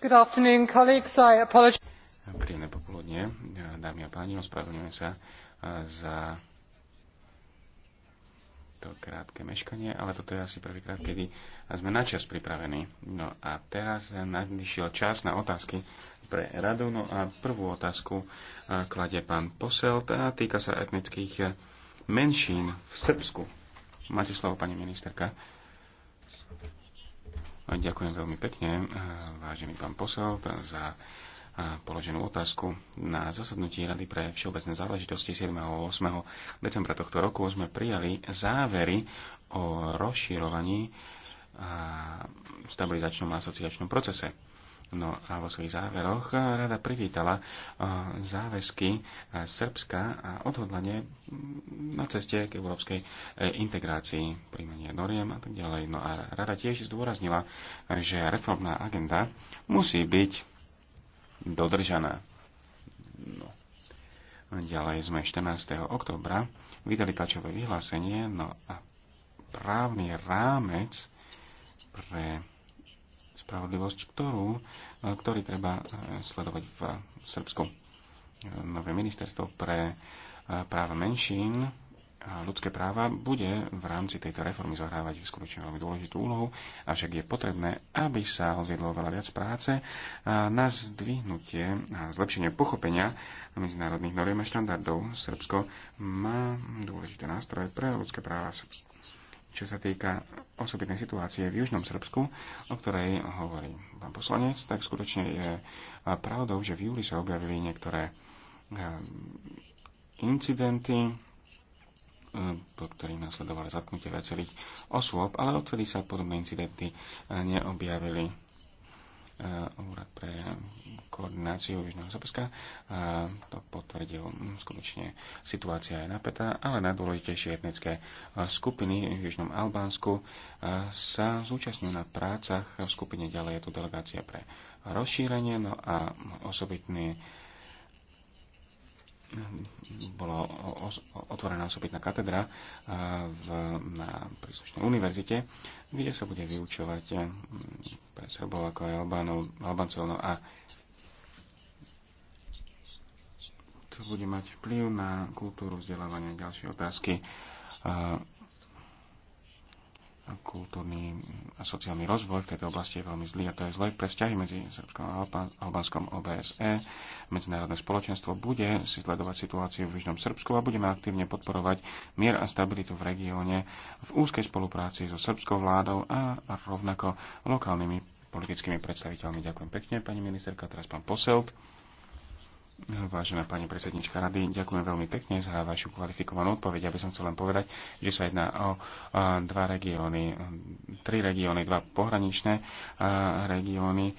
Príjemné popoludne, dámy a páni, ospravedlňujem sa eh, za to krátke meškanie, ale toto je asi prvýkrát, kedy sme na čas pripravení. No a teraz nadišiel čas na otázky pre radu. No a prvú otázku eh, kladie pán Posel, tá teda týka sa etnických eh, menšín v Srbsku. Máte slovo, pani ministerka. Ďakujem veľmi pekne, eh, vážený pán posel, za eh, položenú otázku. Na zasadnutí Rady pre všeobecné záležitosti 7. a 8. decembra tohto roku sme prijali závery o rozširovaní a eh, stabilizačnom a asociačnom procese. No a vo svojich záveroch eh, rada privítala eh, záväzky eh, Srbska a odhodlanie mm, na ceste k európskej integrácii, príjmanie noriem a tak ďalej. No a rada tiež zdôraznila, že reformná agenda musí byť dodržaná. No. Ďalej sme 14. oktobra vydali tlačové vyhlásenie, no a právny rámec pre spravodlivosť, ktorú, e, ktorý treba e, sledovať v Srbsku. E, nové ministerstvo pre práva menšín a ľudské práva bude v rámci tejto reformy zohrávať skutočne veľmi dôležitú úlohu, avšak je potrebné, aby sa odviedlo veľa viac práce na zdvihnutie a zlepšenie pochopenia medzinárodných noriem a štandardov. Srbsko má dôležité nástroje pre ľudské práva v Srbsku čo sa týka osobitnej situácie v Južnom Srbsku, o ktorej hovorí pán poslanec, tak skutočne je pravdou, že v júli sa objavili niektoré incidenty, po ktorých nasledovali zatknutie viacerých osôb, ale odtedy sa podobné incidenty neobjavili Eh, úrad pre koordináciu Južného Srbska. Eh, to potvrdil hm, skutočne situácia je napätá, ale najdôležitejšie etnické eh, skupiny v Južnom Albánsku sa zúčastňujú na prácach v skupine. Ďalej je tu delegácia pre rozšírenie, no a osobitný bola otvorená osobitná katedra v, na príslušnej univerzite, kde sa bude vyučovať pre Srbov ako aj Albáncov. No a to bude mať vplyv na kultúru vzdelávania ďalšie otázky kultúrny a sociálny rozvoj v tejto oblasti je veľmi zlý a to je zlé pre vzťahy medzi Srbskom a Albánskom OBSE. Medzinárodné spoločenstvo bude si sledovať situáciu v Južnom Srbsku a budeme aktívne podporovať mier a stabilitu v regióne v úzkej spolupráci so srbskou vládou a rovnako lokálnymi politickými predstaviteľmi. Ďakujem pekne, pani ministerka, teraz pán Poselt. Vážená pani predsednička rady, ďakujem veľmi pekne za vašu kvalifikovanú odpoveď. Ja by som chcel len povedať, že sa jedná o dva regióny, tri regióny, dva pohraničné regióny.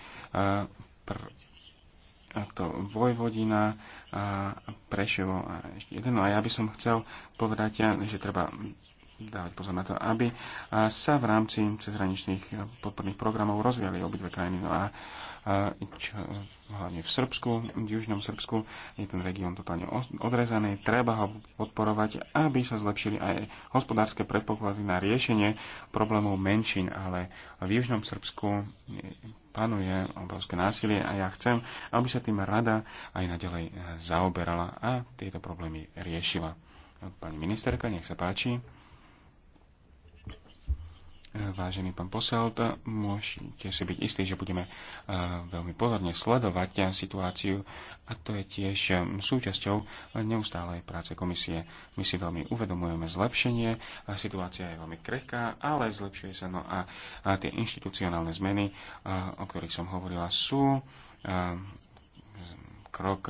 A to Vojvodina, a Prešovo a ešte jeden. No a ja by som chcel povedať, že treba dávať pozor na to, aby sa v rámci cezhraničných podporných programov rozvíjali obidve krajiny. No a čo, hlavne v Srbsku, v južnom Srbsku, je ten región totálne odrezaný. Treba ho podporovať, aby sa zlepšili aj hospodárske predpoklady na riešenie problémov menšín, ale v južnom Srbsku panuje obrovské násilie a ja chcem, aby sa tým rada aj naďalej e, zaoberala a tieto problémy riešila. Pani ministerka, nech sa páči. Vážený pán posel, môžete si byť istí, že budeme e, veľmi pozorne sledovať situáciu a to je tiež e, súčasťou neustálej práce komisie. My si veľmi uvedomujeme zlepšenie, situácia je veľmi krehká, ale zlepšuje sa. No a tie inštitucionálne zmeny, e, o ktorých som hovorila, sú krok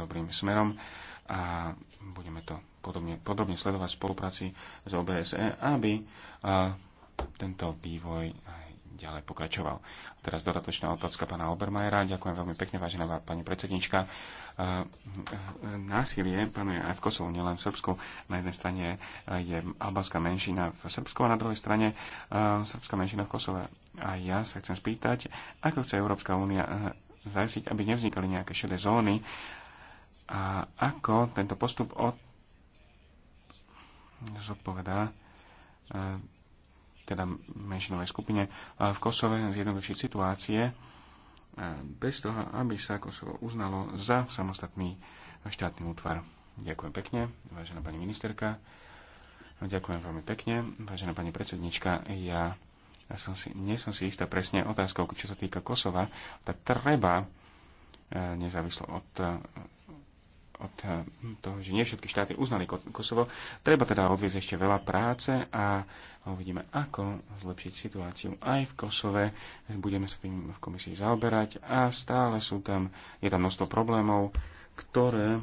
dobrým smerom a budeme to podobne, podobne sledovať v spolupráci s OBSE, aby tento vývoj aj ďalej pokračoval. A teraz dodatočná otázka pána Obermajera. Ďakujem veľmi pekne, vážená pani predsednička. E, e, e, násilie panuje aj v Kosovu, nielen v Srbsku. Na jednej strane je albánska menšina v Srbsku a na druhej strane srbská menšina v Kosove. A ja sa chcem spýtať, ako chce Európska únia zajistiť, aby nevznikali nejaké šedé zóny a ako tento postup od... zodpovedá teda menšinovej skupine v Kosove zjednodušiť situácie bez toho, aby sa Kosovo uznalo za samostatný štátny útvar. Ďakujem pekne, vážená pani ministerka. Ďakujem veľmi pekne, vážená pani predsednička. Ja, ja som si, nie som si istá presne otázkou, čo sa týka Kosova, tak treba e, nezávislo od od eh, toho, že nie všetky štáty uznali Kosovo. Treba teda odviezť ešte veľa práce a uvidíme, ako zlepšiť situáciu aj v Kosove. Budeme sa tým v komisii zaoberať a stále sú tam, je tam množstvo problémov, ktoré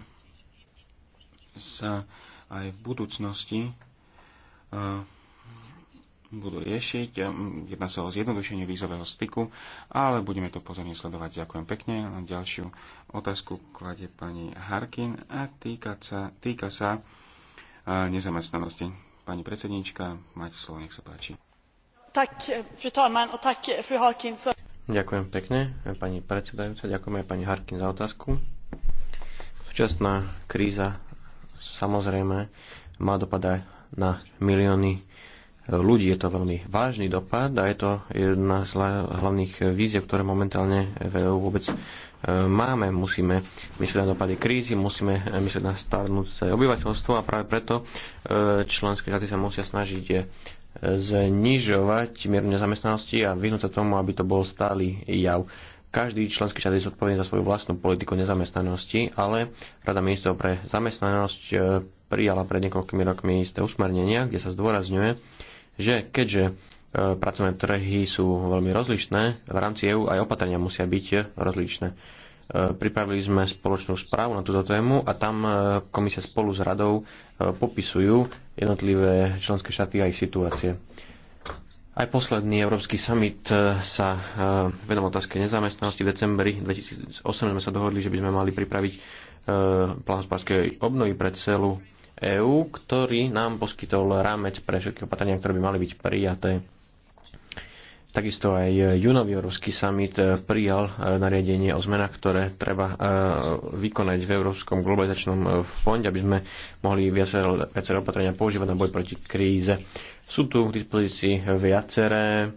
sa aj v budúcnosti eh, budú riešiť. Ehm, jedná sa o zjednodušenie vízového styku, ale budeme to pozorne sledovať. Ďakujem pekne. A ďalšiu otázku kladie pani Harkin a týka sa, týka sa nezamestnanosti. Pani predsedníčka, máte slovo, nech sa páči. Tak, fru talman, a tak, fru Harkin. For... Ďakujem pekne, pani predsedajúca, ďakujem aj pani Harkin za otázku. Súčasná kríza samozrejme má dopadať na milióny ľudí. Je to veľmi vážny dopad a je to jedna z hlavných víziev, ktoré momentálne e vôbec e, máme. Musíme myslieť na dopady krízy, musíme e, myslieť na starnúce obyvateľstvo a práve preto členské štáty sa musia snažiť znižovať mieru nezamestnanosti a vyhnúť sa tomu, aby to bol stály jav. Každý členský štát je zodpovedný za svoju vlastnú politiku nezamestnanosti, ale Rada ministrov pre zamestnanosť prijala pred niekoľkými rokmi isté usmernenia, kde sa zdôrazňuje, že keďže e, pracovné trhy sú veľmi rozličné, v rámci EÚ aj opatrenia musia byť rozličné. E, pripravili sme spoločnú správu na túto tému a tam e, komisia spolu s radou popisujú jednotlivé členské štáty a ich situácie. Aj posledný Európsky summit sa venoval otázke nezamestnanosti. V decembri 2008 sme sa dohodli, že by sme mali pripraviť plán hospodárskej obnovy pre celú EÚ, ktorý nám poskytol rámec pre všetky opatrenia, ktoré by mali byť prijaté. Takisto aj junový Európsky summit prijal e, nariadenie o zmenách, ktoré treba e, vykonať v Európskom globalizačnom e, fonde, aby sme mohli viaceré, viaceré opatrenia používať na boj proti kríze. Sú tu k dispozícii viaceré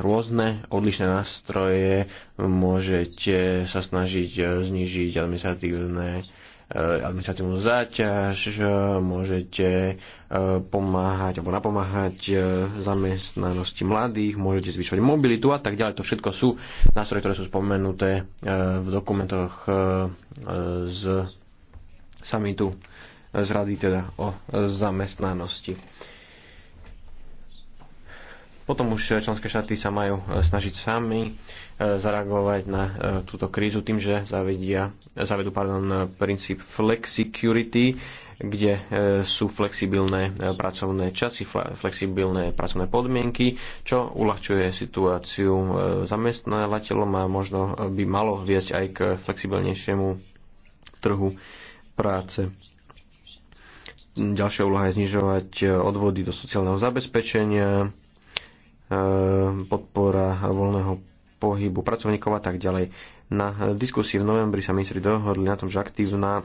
rôzne odlišné nástroje, môžete sa snažiť znižiť administratívne Eh, administratívnu záťaž, môžete eh, pomáhať alebo napomáhať eh, zamestnanosti mladých, môžete zvyšovať mobilitu a tak ďalej. To všetko sú nástroje, ktoré sú spomenuté v dokumentoch z samitu z rady teda o zamestnanosti. Potom už členské štáty sa majú snažiť sami zareagovať na e, túto krízu tým, že zavedia, zavedú pardon, princíp flexicurity, kde e, sú flexibilné e, pracovné časy, flexibilné pracovné podmienky, čo uľahčuje situáciu zamestnávateľom a možno by malo viesť aj k flexibilnejšiemu trhu práce. Ďalšia úloha je znižovať odvody do sociálneho zabezpečenia, podpora voľného pohybu pracovníkov a tak ďalej. Na e, diskusii v novembri sa ministri dohodli na tom, že aktívna e,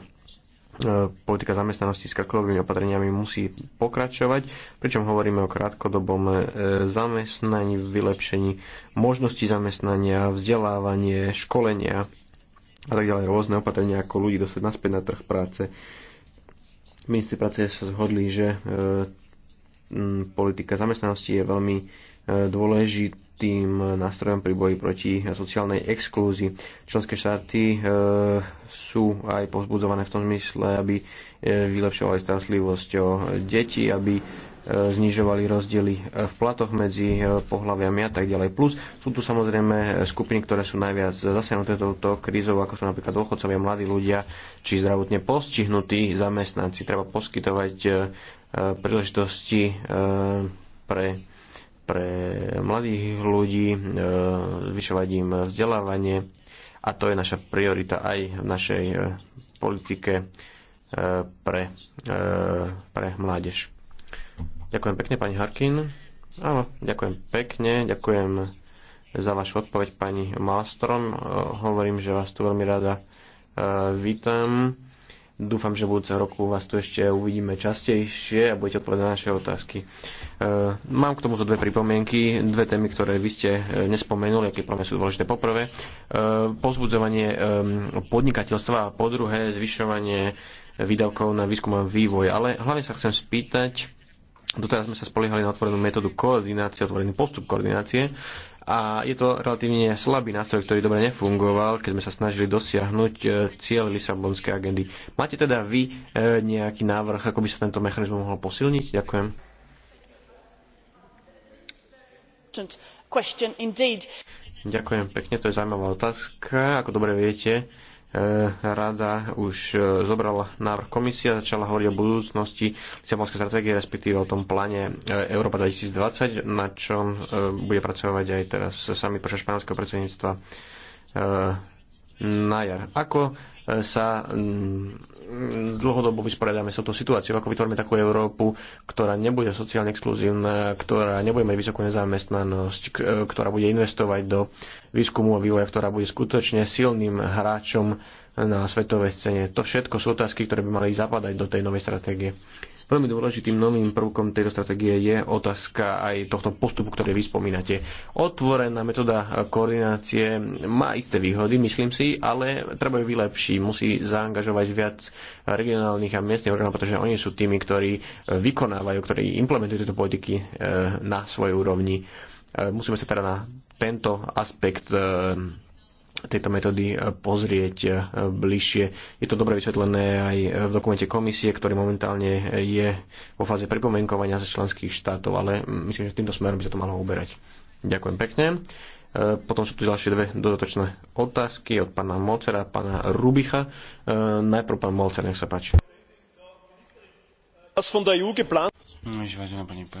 politika zamestnanosti s krklovými opatreniami musí pokračovať, pričom hovoríme o krátkodobom e, zamestnaní, vylepšení možností zamestnania, vzdelávanie, školenia a tak ďalej, rôzne opatrenia, ako ľudí dostať naspäť na trh práce. Ministri práce sa zhodli, že politika zamestnanosti je veľmi dôležitá tým nástrojom pri boji proti sociálnej exklúzii. Členské štáty e, sú aj povzbudzované v tom zmysle, aby e, vylepšovali starostlivosť o deti, aby e, znižovali rozdiely e, v platoch medzi e, pohľaviami a tak ďalej. Plus sú tu samozrejme skupiny, ktoré sú najviac zasiahnuté touto krízou, ako sú napríklad dôchodcovia, mladí ľudia či zdravotne postihnutí zamestnanci. Treba poskytovať e, príležitosti pre pre mladých ľudí, e, zvyšovať im vzdelávanie a to je naša priorita aj v našej e, politike e, pre, pre mládež. Ďakujem pekne, pani Harkin. Áno, ďakujem pekne, ďakujem za vašu odpoveď, pani Malstrom. Hovorím, že vás tu veľmi rada vítam Dúfam, že v budúceho roku vás tu ešte uvidíme častejšie a budete odpovedať na naše otázky. E, mám k tomuto dve pripomienky, dve témy, ktoré vy ste e, nespomenuli, aké pre sú dôležité. Poprvé, e, pozbudzovanie podnikateľstva a podruhé, druhé, zvyšovanie výdavkov na výskum a vývoj. Ale hlavne sa chcem spýtať, Doteraz sme sa spoliehali na otvorenú metódu koordinácie, otvorený postup koordinácie a je to relatívne slabý nástroj, ktorý dobre nefungoval, keď sme sa snažili dosiahnuť e, cieľ Lisabonskej agendy. Máte teda vy e, nejaký návrh, ako by sa tento mechanizmus mohol posilniť? Ďakujem. Ďakujem pekne, to je zaujímavá otázka. Ako dobre viete, E, rada už e, zobrala návrh komisia, začala hovoriť o budúcnosti Lisabonskej stratégie, respektíve o tom pláne e, Európa 2020, na čom bude pracovať aj teraz sami počas španielského predsedníctva na jar. Ako e, sa mm, dlhodobo vysporiadame s touto situáciou, ako vytvoríme takú Európu, ktorá nebude sociálne exkluzívna, ktorá nebude mať vysokú nezamestnanosť, e, ktorá bude investovať do výskumu a vývoja, ktorá bude skutočne silným hráčom na svetovej scéne. To všetko sú otázky, ktoré by mali zapadať do tej novej stratégie. Veľmi dôležitým novým prvkom tejto stratégie je otázka aj tohto postupu, ktorý vy spomínate. Otvorená metóda koordinácie má isté výhody, myslím si, ale treba ju vylepšiť. Musí zaangažovať viac regionálnych a miestnych orgánov, pretože oni sú tými, ktorí vykonávajú, ktorí implementujú tieto politiky eh, na svojej úrovni. Eh, musíme sa teda na tento aspekt eh, tejto metódy e, pozrieť e, bližšie. Je to dobre vysvetlené aj v dokumente komisie, ktorý momentálne je vo fáze pripomienkovania ze členských štátov, ale myslím, že týmto smerom by sa to malo uberať. Ďakujem pekne. E, potom sú tu ďalšie dve dodatočné otázky od pána Mocera a pána Rubicha. Najprv pán Molcer, nech sa páči. Das von der EU geplant... No, vážená pani eh,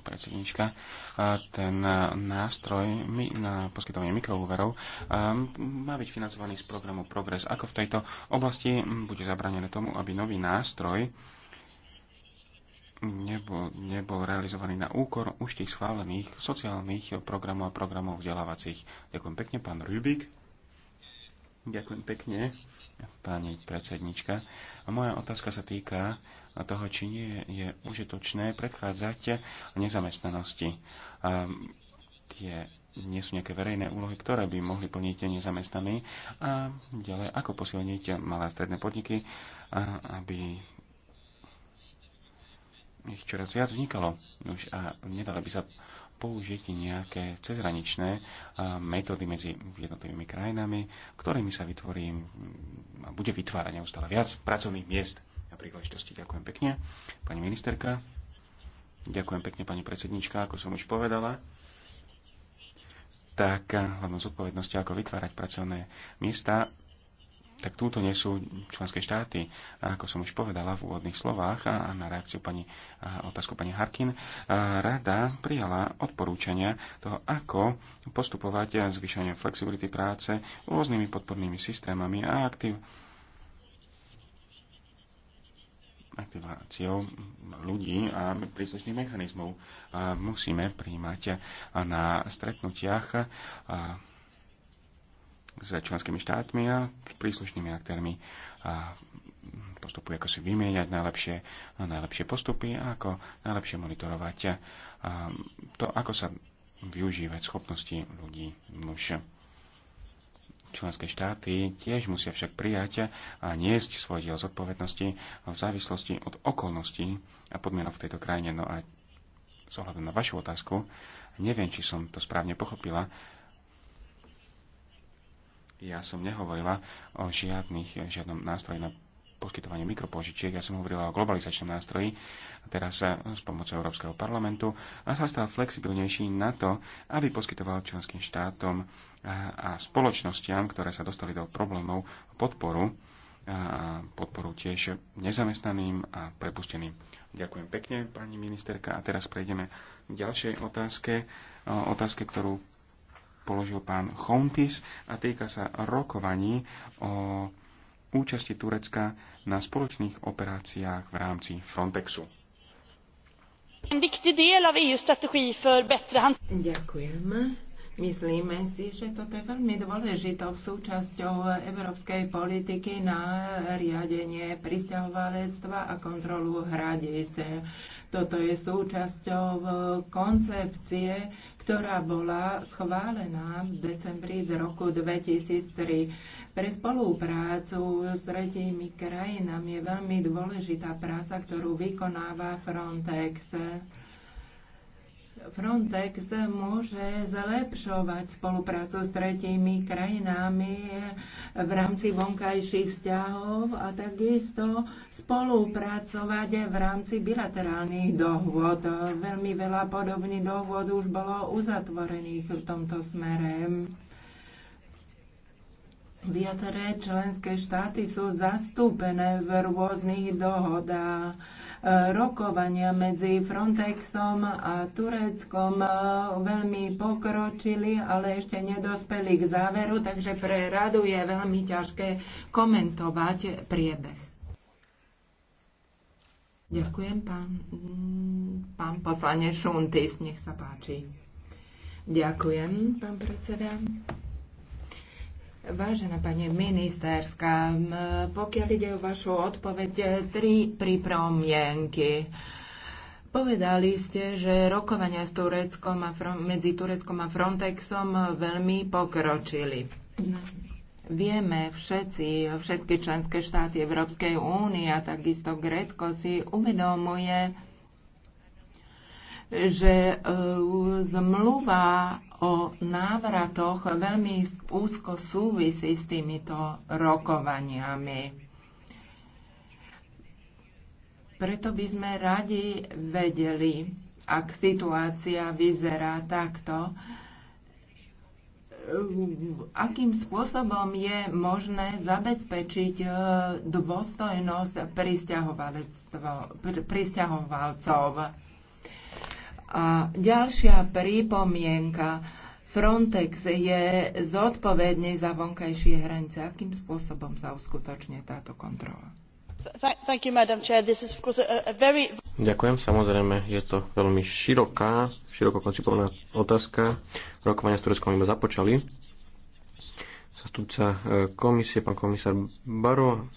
predsednička, eh, ten eh, nástroj na poskytovanie mikroúverov má byť financovaný z programu Progress. Ako v tejto oblasti hm, bude zabranené tomu, aby nový nástroj nebol, nebol realizovaný na úkor už tých schválených sociálnych programov a programov vzdelávacích. Ďakujem pekne, pán Rubik. Ďakujem pekne, pani predsednička. A moja otázka sa týka toho, či nie je užitočné predchádzať nezamestnanosti. A tie nie sú nejaké verejné úlohy, ktoré by mohli plniť nezamestnaní. A ďalej, ako posilniť malé a stredné podniky, aby ich čoraz viac vznikalo. Už a nedalo by sa použiť nejaké cezhraničné metódy medzi jednotlivými krajinami, ktorými sa vytvorí a bude vytvárať neustále viac pracovných miest a príležitosti. Ďakujem pekne, pani ministerka. Ďakujem pekne, pani predsednička, ako som už povedala. Tak hlavnou zodpovednosťou, ako vytvárať pracovné miesta tak túto nesú členské štáty. A ako som už povedala v úvodných slovách a na reakciu pani, a otázku pani Harkin, rada prijala odporúčania toho, ako postupovať a zvyšovanie flexibility práce rôznymi podpornými systémami a aktív aktiváciou ľudí a príslušných mechanizmov. Musíme príjmať na stretnutiach s členskými štátmi a s príslušnými aktérmi a postupuje, ako si vymieňať najlepšie, najlepšie postupy a ako najlepšie monitorovať a to, ako sa využívať schopnosti ľudí muž. Členské štáty tiež musia však prijať a niesť svoj diel zodpovednosti v závislosti od okolností a podmienok v tejto krajine. No a s ohľadom na vašu otázku, neviem, či som to správne pochopila, ja som nehovorila o žiadnych, žiadnom nástroji na poskytovanie mikropožičiek. Ja som hovorila o globalizačnom nástroji, teraz sa s pomocou Európskeho parlamentu a sa stal flexibilnejší na to, aby poskytoval členským štátom a spoločnostiam, ktoré sa dostali do problémov, podporu a podporu tiež nezamestnaným a prepusteným. Ďakujem pekne, pani ministerka. A teraz prejdeme k ďalšej otázke, otázke, ktorú položil pán Chontis a týka sa rokovaní o účasti Turecka na spoločných operáciách v rámci Frontexu. E Ďakujem. Myslíme si, že toto je veľmi dôležitou súčasťou európskej politiky na riadenie pristahovalectva a kontrolu hradice. Toto je súčasťou koncepcie ktorá bola schválená v decembri roku 2003. Pre spoluprácu s tretími krajinami je veľmi dôležitá práca, ktorú vykonáva Frontex. Frontex môže zlepšovať spoluprácu s tretími krajinami v rámci vonkajších vzťahov a takisto spolupracovať v rámci bilaterálnych dohôd. Veľmi veľa podobných dohôd už bolo uzatvorených v tomto smere. Viaceré členské štáty sú zastúpené v rôznych dohodách rokovania medzi Frontexom a Tureckom e, veľmi pokročili, ale ešte nedospeli k záveru, takže pre radu je veľmi ťažké komentovať priebeh. Ďakujem, pán, pán poslanec Šuntis, nech sa páči. Ďakujem, pán predseda. Vážená pani ministerská, pokiaľ ide o vašu odpoveď, e, tri pripromienky. Povedali ste, že rokovania s Tureckom a medzi Tureckom a Frontexom veľmi pokročili. Vieme všetci, všetky členské štáty Európskej únie a takisto Grécko si uvedomuje, že e, zmluva o návratoch veľmi úzko súvisí s týmito rokovaniami. Preto by sme radi vedeli, ak situácia vyzerá takto, akým spôsobom je možné zabezpečiť e, dôstojnosť pristahovalcov. A ďalšia prípomienka. Frontex je zodpovedný za vonkajšie hranice. Akým spôsobom sa uskutočne táto kontrola? Ďakujem, samozrejme, je to veľmi široká, široko koncipovaná otázka. Rokovania s Tureckom iba započali. Zastupca e, komisie, pán komisár Baro,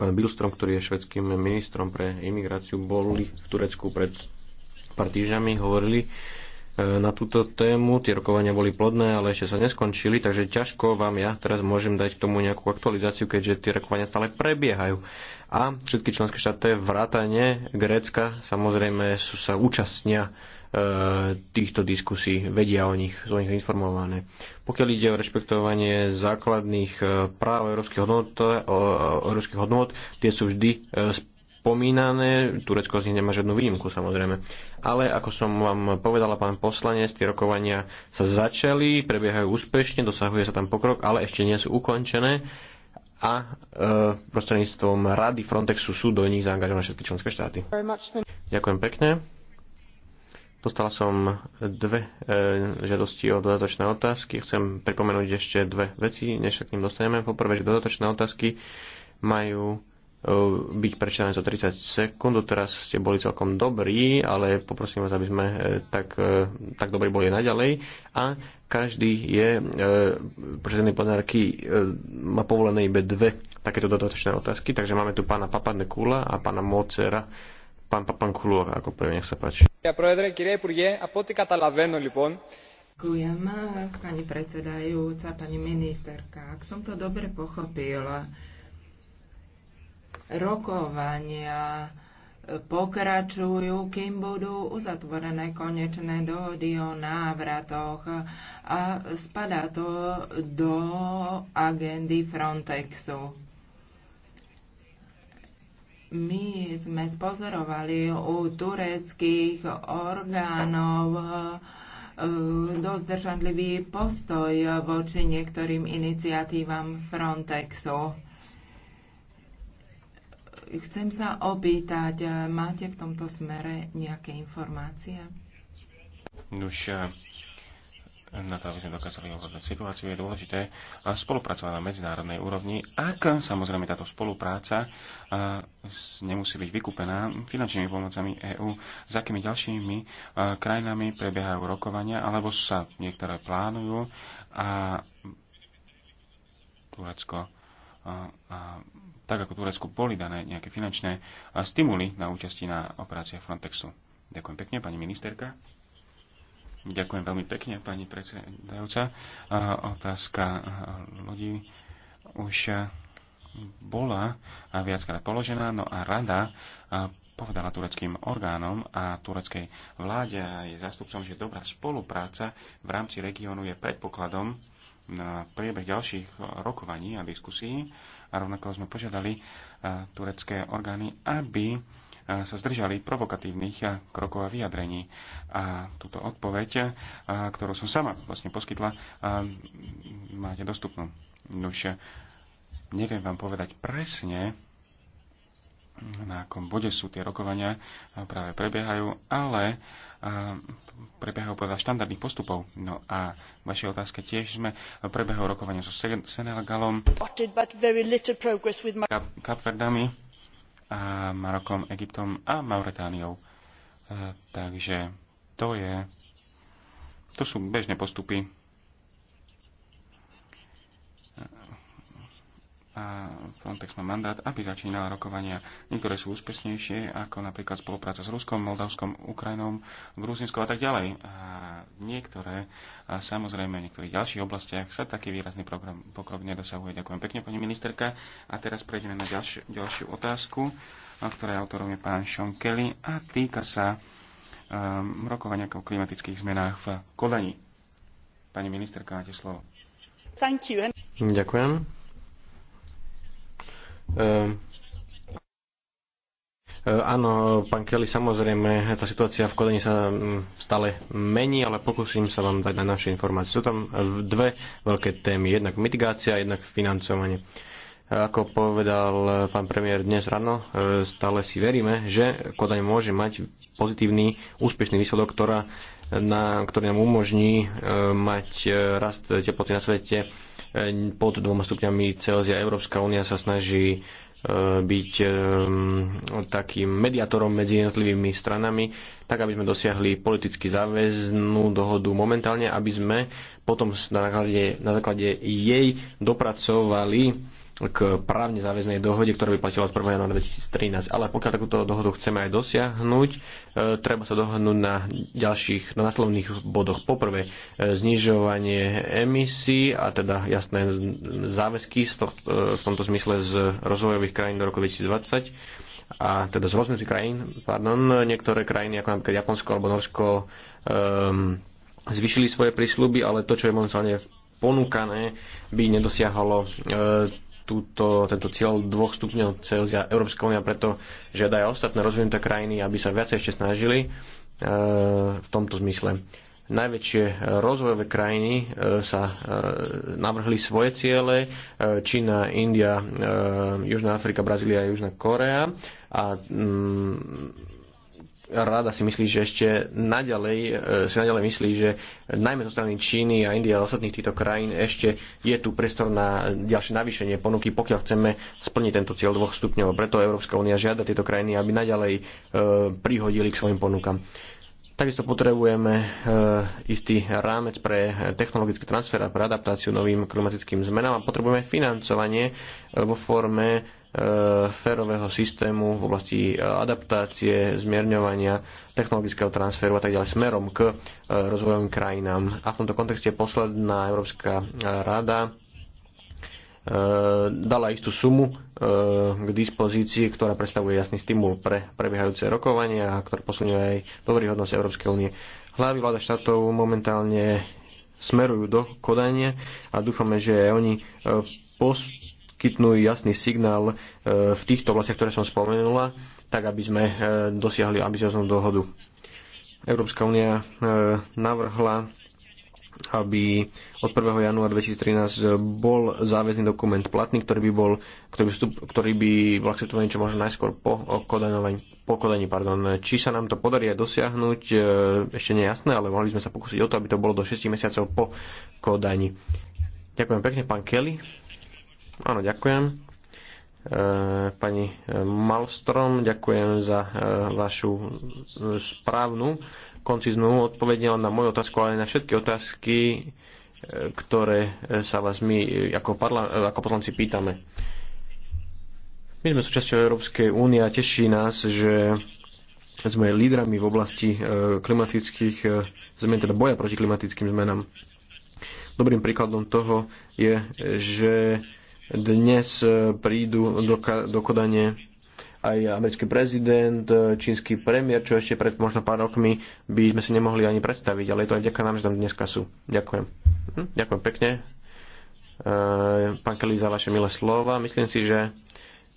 pán Bilstrom, ktorý je švedským ministrom pre imigráciu, boli v Turecku pred pár týždňami hovorili e, na túto tému. Tie rokovania boli plodné, ale ešte sa neskončili, takže ťažko vám ja teraz môžem dať k tomu nejakú aktualizáciu, keďže tie rokovania stále prebiehajú. A všetky členské štáty vrátane Grécka samozrejme sú, sa účastnia e, týchto diskusí, vedia o nich, sú o nich informované. Pokiaľ ide o rešpektovanie základných e, práv európskych hodnot, európskych hodnot tie sú vždy spomínané, Turecko z nich nemá žiadnu výnimku samozrejme. Ale ako som vám povedala, pán poslanec, tie rokovania sa začali, prebiehajú úspešne, dosahuje sa tam pokrok, ale ešte nie sú ukončené a e, prostredníctvom Rady Frontexu sú do nich zaangažované všetky členské štáty. Ďakujem pekne. Dostal som dve e, žiadosti o dodatočné otázky. Chcem pripomenúť ešte dve veci, než sa k ním dostaneme. Poprvé, že dodatočné otázky majú Eh, byť prečítané za 30 sekúnd. Teraz ste boli celkom dobrí, ale poprosím vás, aby sme eh, tak, eh, tak dobrí boli naďalej. A každý je predsedný plenárky má povolené iba dve takéto dodatočné otázky. Takže máme tu pána papadne Kula a pána Mocera. Pán papan Papankulov, ako prvý, nech sa páči. Ďakujem, pani predsedajúca, pani ministerka. Ak som to dobre pochopila, rokovania pokračujú, kým budú uzatvorené konečné dohody o návratoch a spadá to do agendy Frontexu. My sme spozorovali u tureckých orgánov e, dosť držadlivý postoj voči niektorým iniciatívam Frontexu Chcem sa opýtať, e, máte v tomto smere nejaké informácie? Nuž, e, na to, aby sme dokázali ovládať situáciu, je dôležité e, spolupracovať na medzinárodnej úrovni, ak samozrejme táto spolupráca nemusí byť vykúpená finančnými pomocami EÚ, s akými ďalšími krajinami prebiehajú rokovania, alebo sa niektoré plánujú a Turecko a tak ako Turecku boli dané nejaké finančné stimuly na účasti na operáciách Frontexu. Ďakujem pekne, pani ministerka. Ďakujem veľmi pekne, pani predsedajúca. Otázka ľudí už bola viackrát položená, no a rada povedala tureckým orgánom a tureckej vláde a jej zastupcom, že dobrá spolupráca v rámci regiónu je predpokladom na priebeh ďalších rokovaní a diskusí a rovnako sme požiadali e, turecké orgány, aby e, sa zdržali provokatívnych e, krokov a vyjadrení. A túto odpoveď, ktorú som sama vlastne poskytla, máte dostupnú. Už neviem vám povedať presne, na akom bode sú tie rokovania, práve prebiehajú, ale prebiehajú podľa štandardných postupov. No a v vašej otázke tiež sme prebiehajú rokovania so Senegalom, Kapverdami, a Marokom, Egyptom a Mauretániou. Takže to je to sú bežné postupy Frontex má mandát, aby začínala rokovania. Niektoré sú úspešnejšie, ako napríklad spolupráca s Ruskom, Moldavskom, Ukrajinou, Gruzinskou a tak ďalej. A niektoré, a samozrejme v niektorých ďalších oblastiach sa taký výrazný program, pokrok nedosahuje. Ďakujem pekne, pani ministerka. A teraz prejdeme na ďalš, ďalšiu otázku, ktorej autorom je pán Sean Kelly a týka sa um, rokovania o klimatických zmenách v Kodani. Pani ministerka, máte slovo. Ďakujem. Ehm, ehm, áno, pán Kelly, samozrejme, tá situácia v Kodani sa mm, stále mení, ale pokúsim sa vám dať na naše informácie. Sú tam e, dve veľké témy, jednak mitigácia, jednak financovanie. E, ako povedal e, pán premiér dnes ráno, stále si veríme, že Kodaň môže mať pozitívny, úspešný výsledok, ktorá na, ktorý nám umožní mať rast teploty na svete pod dvoma stupňami Celzia. Európska únia sa snaží e, byť e, takým mediátorom medzi jednotlivými stranami, tak aby sme dosiahli politicky záväznú dohodu momentálne, aby sme potom na základe, na základe jej dopracovali k právne záväznej dohode, ktorá by platila od 1. januára 2013. Ale pokiaľ takúto dohodu chceme aj dosiahnuť, e, treba sa dohodnúť na ďalších, na nasledovných bodoch. Poprvé, e, znižovanie emisí a teda jasné záväzky z to, e, v tomto zmysle z rozvojových krajín do roku 2020 a teda z rozvinutých krajín, pardon, niektoré krajiny ako napríklad Japonsko alebo Norsko um, ehm, zvyšili svoje prísľuby, ale to, čo je momentálne ponúkané, by nedosiahalo uh, e, túto, tento cieľ 2 stupňov Celzia. Európska únia preto žiada aj ostatné rozvinuté krajiny, aby sa viacej ešte snažili e, v tomto zmysle. Najväčšie e, rozvojové krajiny e, sa navrhli svoje ciele, Čína, India, Južná Afrika, Brazília a Južná Korea a mm, rada si myslí, že ešte naďalej, e, si naďalej myslí, že najmä zo strany Číny a Indie a ostatných týchto krajín ešte je tu priestor na ďalšie navýšenie ponuky, pokiaľ chceme splniť tento cieľ dvoch stupňov. Preto Európska únia žiada tieto krajiny, aby naďalej e, prihodili k svojim ponukám. Takisto potrebujeme e, istý rámec pre technologický transfer a pre adaptáciu novým klimatickým zmenám a potrebujeme financovanie vo forme E, férového systému v oblasti e, adaptácie, zmierňovania, technologického transferu a tak ďalej smerom k e, rozvojovým krajinám. A v tomto kontexte posledná Európska rada dala istú sumu k dispozícii, ktorá predstavuje jasný stimul pre prebiehajúce rokovania a ktorá posunuje aj dôveryhodnosť Európskej únie. Hlavy vláda štátov momentálne smerujú do Kodania a dúfame, že oni post kytnú jasný signál e, v týchto oblastiach, ktoré som spomenula, tak aby sme e, dosiahli ambicioznú dohodu. Európska únia e, navrhla aby od 1. januára 2013 bol záväzný dokument platný, ktorý by, bol, ktorý by, vstup, ktorý by bol akceptovaný čo možno najskôr po kodaní. Po kodaní pardon. Či sa nám to podarí aj dosiahnuť, ešte nejasné, ale mohli sme sa pokúsiť o to, aby to bolo do 6 mesiacov po kodaní. Ďakujem pekne, pán Kelly. Áno, ďakujem. E, pani Malstrom, ďakujem za e, vašu správnu, konciznú odpovede na moju otázku, ale aj na všetky otázky, e, ktoré sa vás my ako, parla- ako poslanci pýtame. My sme súčasťou Európskej únie a teší nás, že sme lídrami v oblasti klimatických zmien, teda boja proti klimatickým zmenám. Dobrým príkladom toho je, že dnes e, prídu do, do Kodane aj americký prezident, e, čínsky premiér, čo ešte pred možno pár rokmi by sme si nemohli ani predstaviť, ale je to aj ďaká nám, že tam dneska sú. Ďakujem. Hm? Ďakujem pekne. E, pán Kelly, za vaše milé slova. Myslím si, že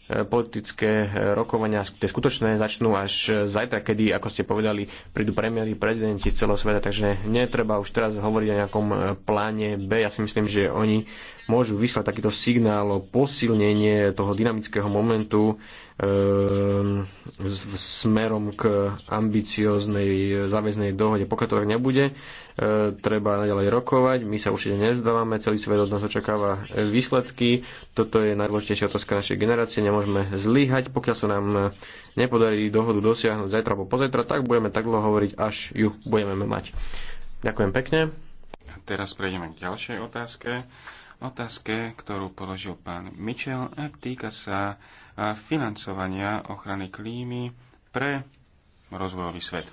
E, politické e, rokovania, tie skutočné, začnú až e, zajtra, kedy, ako ste povedali, prídu premiéry, prezidenti z celého sveta, takže netreba už teraz hovoriť o nejakom pláne B. Ja si myslím, že oni môžu vyslať takýto signál o posilnenie toho dynamického momentu Ehm, smerom k ambicióznej záväznej dohode. Pokiaľ to tak nebude, e, treba naďalej rokovať. My sa určite nezdávame, celý svet od nás očakáva výsledky. Toto je najdôležitejšia otázka našej generácie. Nemôžeme zlyhať, pokiaľ sa nám nepodarí dohodu dosiahnuť zajtra alebo pozajtra, tak budeme tak dlho hovoriť, až ju budeme mať. Ďakujem pekne. A teraz prejdeme k ďalšej otázke otázke, ktorú položil pán Mitchell, a týka sa financovania ochrany klímy pre rozvojový svet.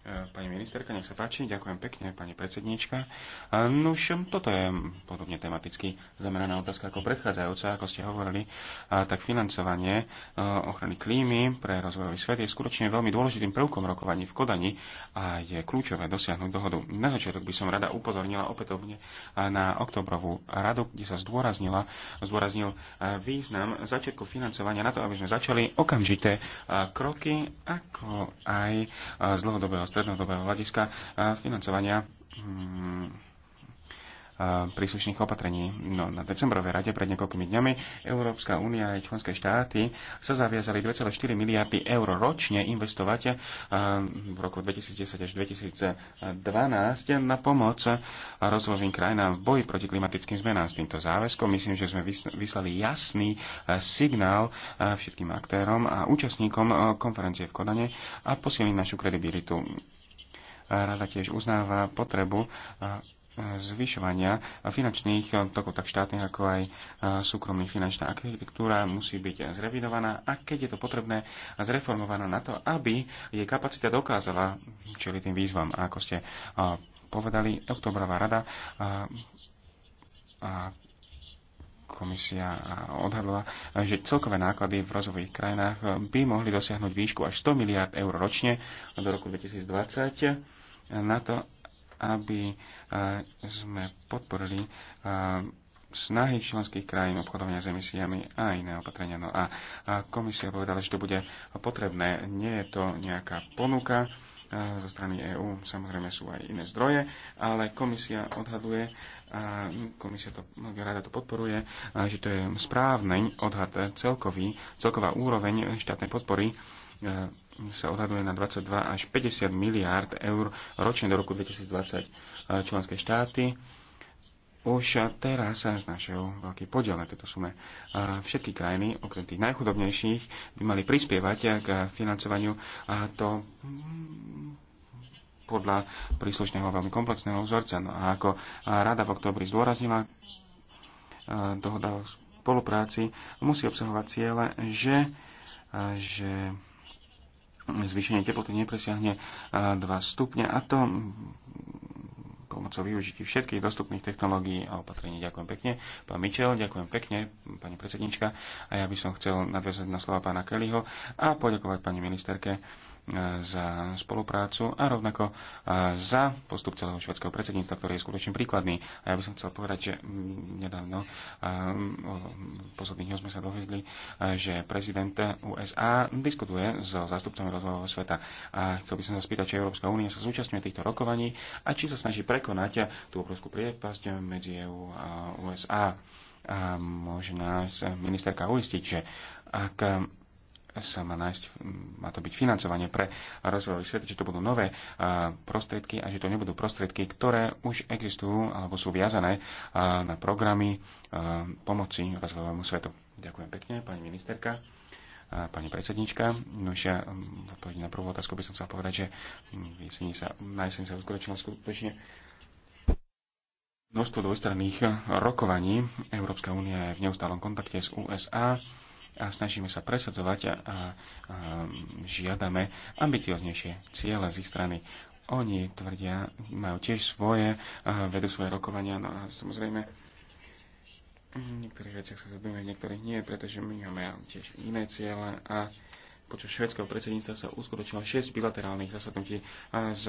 E, pani ministerka, nech sa páči, ďakujem pekne, pani predsedníčka. E, nuž, toto je podobne tematicky zameraná otázka ako predchádzajúca, ako ste hovorili, e, tak financovanie ochrany klímy pre rozvojový svet je skutočne veľmi dôležitým prvkom rokovaní v Kodani a je kľúčové dosiahnuť dohodu. Na začiatok by som rada upozornila opätovne na oktobrovú radu, kde sa zdôraznila, zdôraznil význam začiatku financovania na to, aby sme začali okamžité kroky, ako aj z dlhodobého strednodobého hľadiska eh, financovania mm, príslušných opatrení. No, na decembrovej rade pred niekoľkými dňami Európska únia a členské štáty sa zaviazali 2,4 miliardy eur ročne investovať v roku 2010 až 2012 na pomoc rozvojovým krajinám v boji proti klimatickým zmenám. S týmto záväzkom myslím, že sme vyslali jasný e, signál e, všetkým aktérom a účastníkom e, konferencie v Kodane a posilniť našu kredibilitu. Rada tiež uznáva potrebu zvyšovania finančných toko tak štátnych ako aj súkromných. Finančná architektúra musí byť zrevidovaná a keď je to potrebné, zreformovaná na to, aby jej kapacita dokázala čeliť tým výzvam. A ako ste povedali, oktobrová rada a, a komisia odhadla, že celkové náklady v rozvojových krajinách by mohli dosiahnuť výšku až 100 miliard eur ročne do roku 2020 na to, aby e, sme podporili e, snahy členských krajín obchodovania s emisiami a iné opatrenia. No a komisia povedala, že to bude potrebné. Nie je to nejaká ponuka e, zo strany EÚ, samozrejme sú aj iné zdroje, ale komisia odhaduje, a komisia to, rada to podporuje, že to je správny odhad celkový, celková úroveň štátnej podpory E, sa odhaduje na 22 až 50 miliárd eur ročne do roku 2020 e, členské štáty. Už teraz sa znašajú veľký podiel na tejto sume. E, všetky krajiny, okrem tých najchudobnejších, by mali prispievať k financovaniu a to podľa príslušného veľmi komplexného vzorca. No a ako rada v oktobri zdôraznila, dohoda o spolupráci musí obsahovať ciele, že, že zvýšenie teploty nepresiahne 2 stupňa a to pomocou využití všetkých dostupných technológií a opatrení. Ďakujem pekne. Pán Mičel, ďakujem pekne, pani predsednička. A ja by som chcel nadviazať na slova pána Kellyho a poďakovať pani ministerke za spoluprácu a rovnako e, za postup celého švedského predsedníctva, ktorý je skutočne príkladný. A ja by som chcel povedať, že nedávno e, posledných sme sa dovedli, e, že prezident USA diskutuje so zástupcami rozvojového sveta. A chcel by som sa spýtať, či Európska únia sa zúčastňuje týchto rokovaní a či sa snaží prekonať tú obrovskú priepasť medzi EU a USA. A môže nás ministerka uistiť, že ak sa má nájsť, má to byť financovanie pre rozvoj svet, že to budú nové e, prostriedky a že to nebudú prostriedky, ktoré už existujú alebo sú viazané e, na programy e, pomoci rozvojovému svetu. Ďakujem pekne, pani ministerka, pani predsednička. No ešte v odpovedi na prvú otázku by som chcel povedať, že v jeseni sa, na jeseni sa uskutočnilo skutočne množstvo dvojstranných rokovaní. Európska únia je v neustálom kontakte s USA a snažíme sa presadzovať a, a, a žiadame ambicioznejšie ciele z ich strany. Oni tvrdia, majú tiež svoje, a vedú svoje rokovania, no a samozrejme v niektorých veciach sa zabývame, v niektorých nie, pretože my máme tiež iné ciele a počas švedského predsedníctva sa uskutočilo 6 bilaterálnych zasadnutí s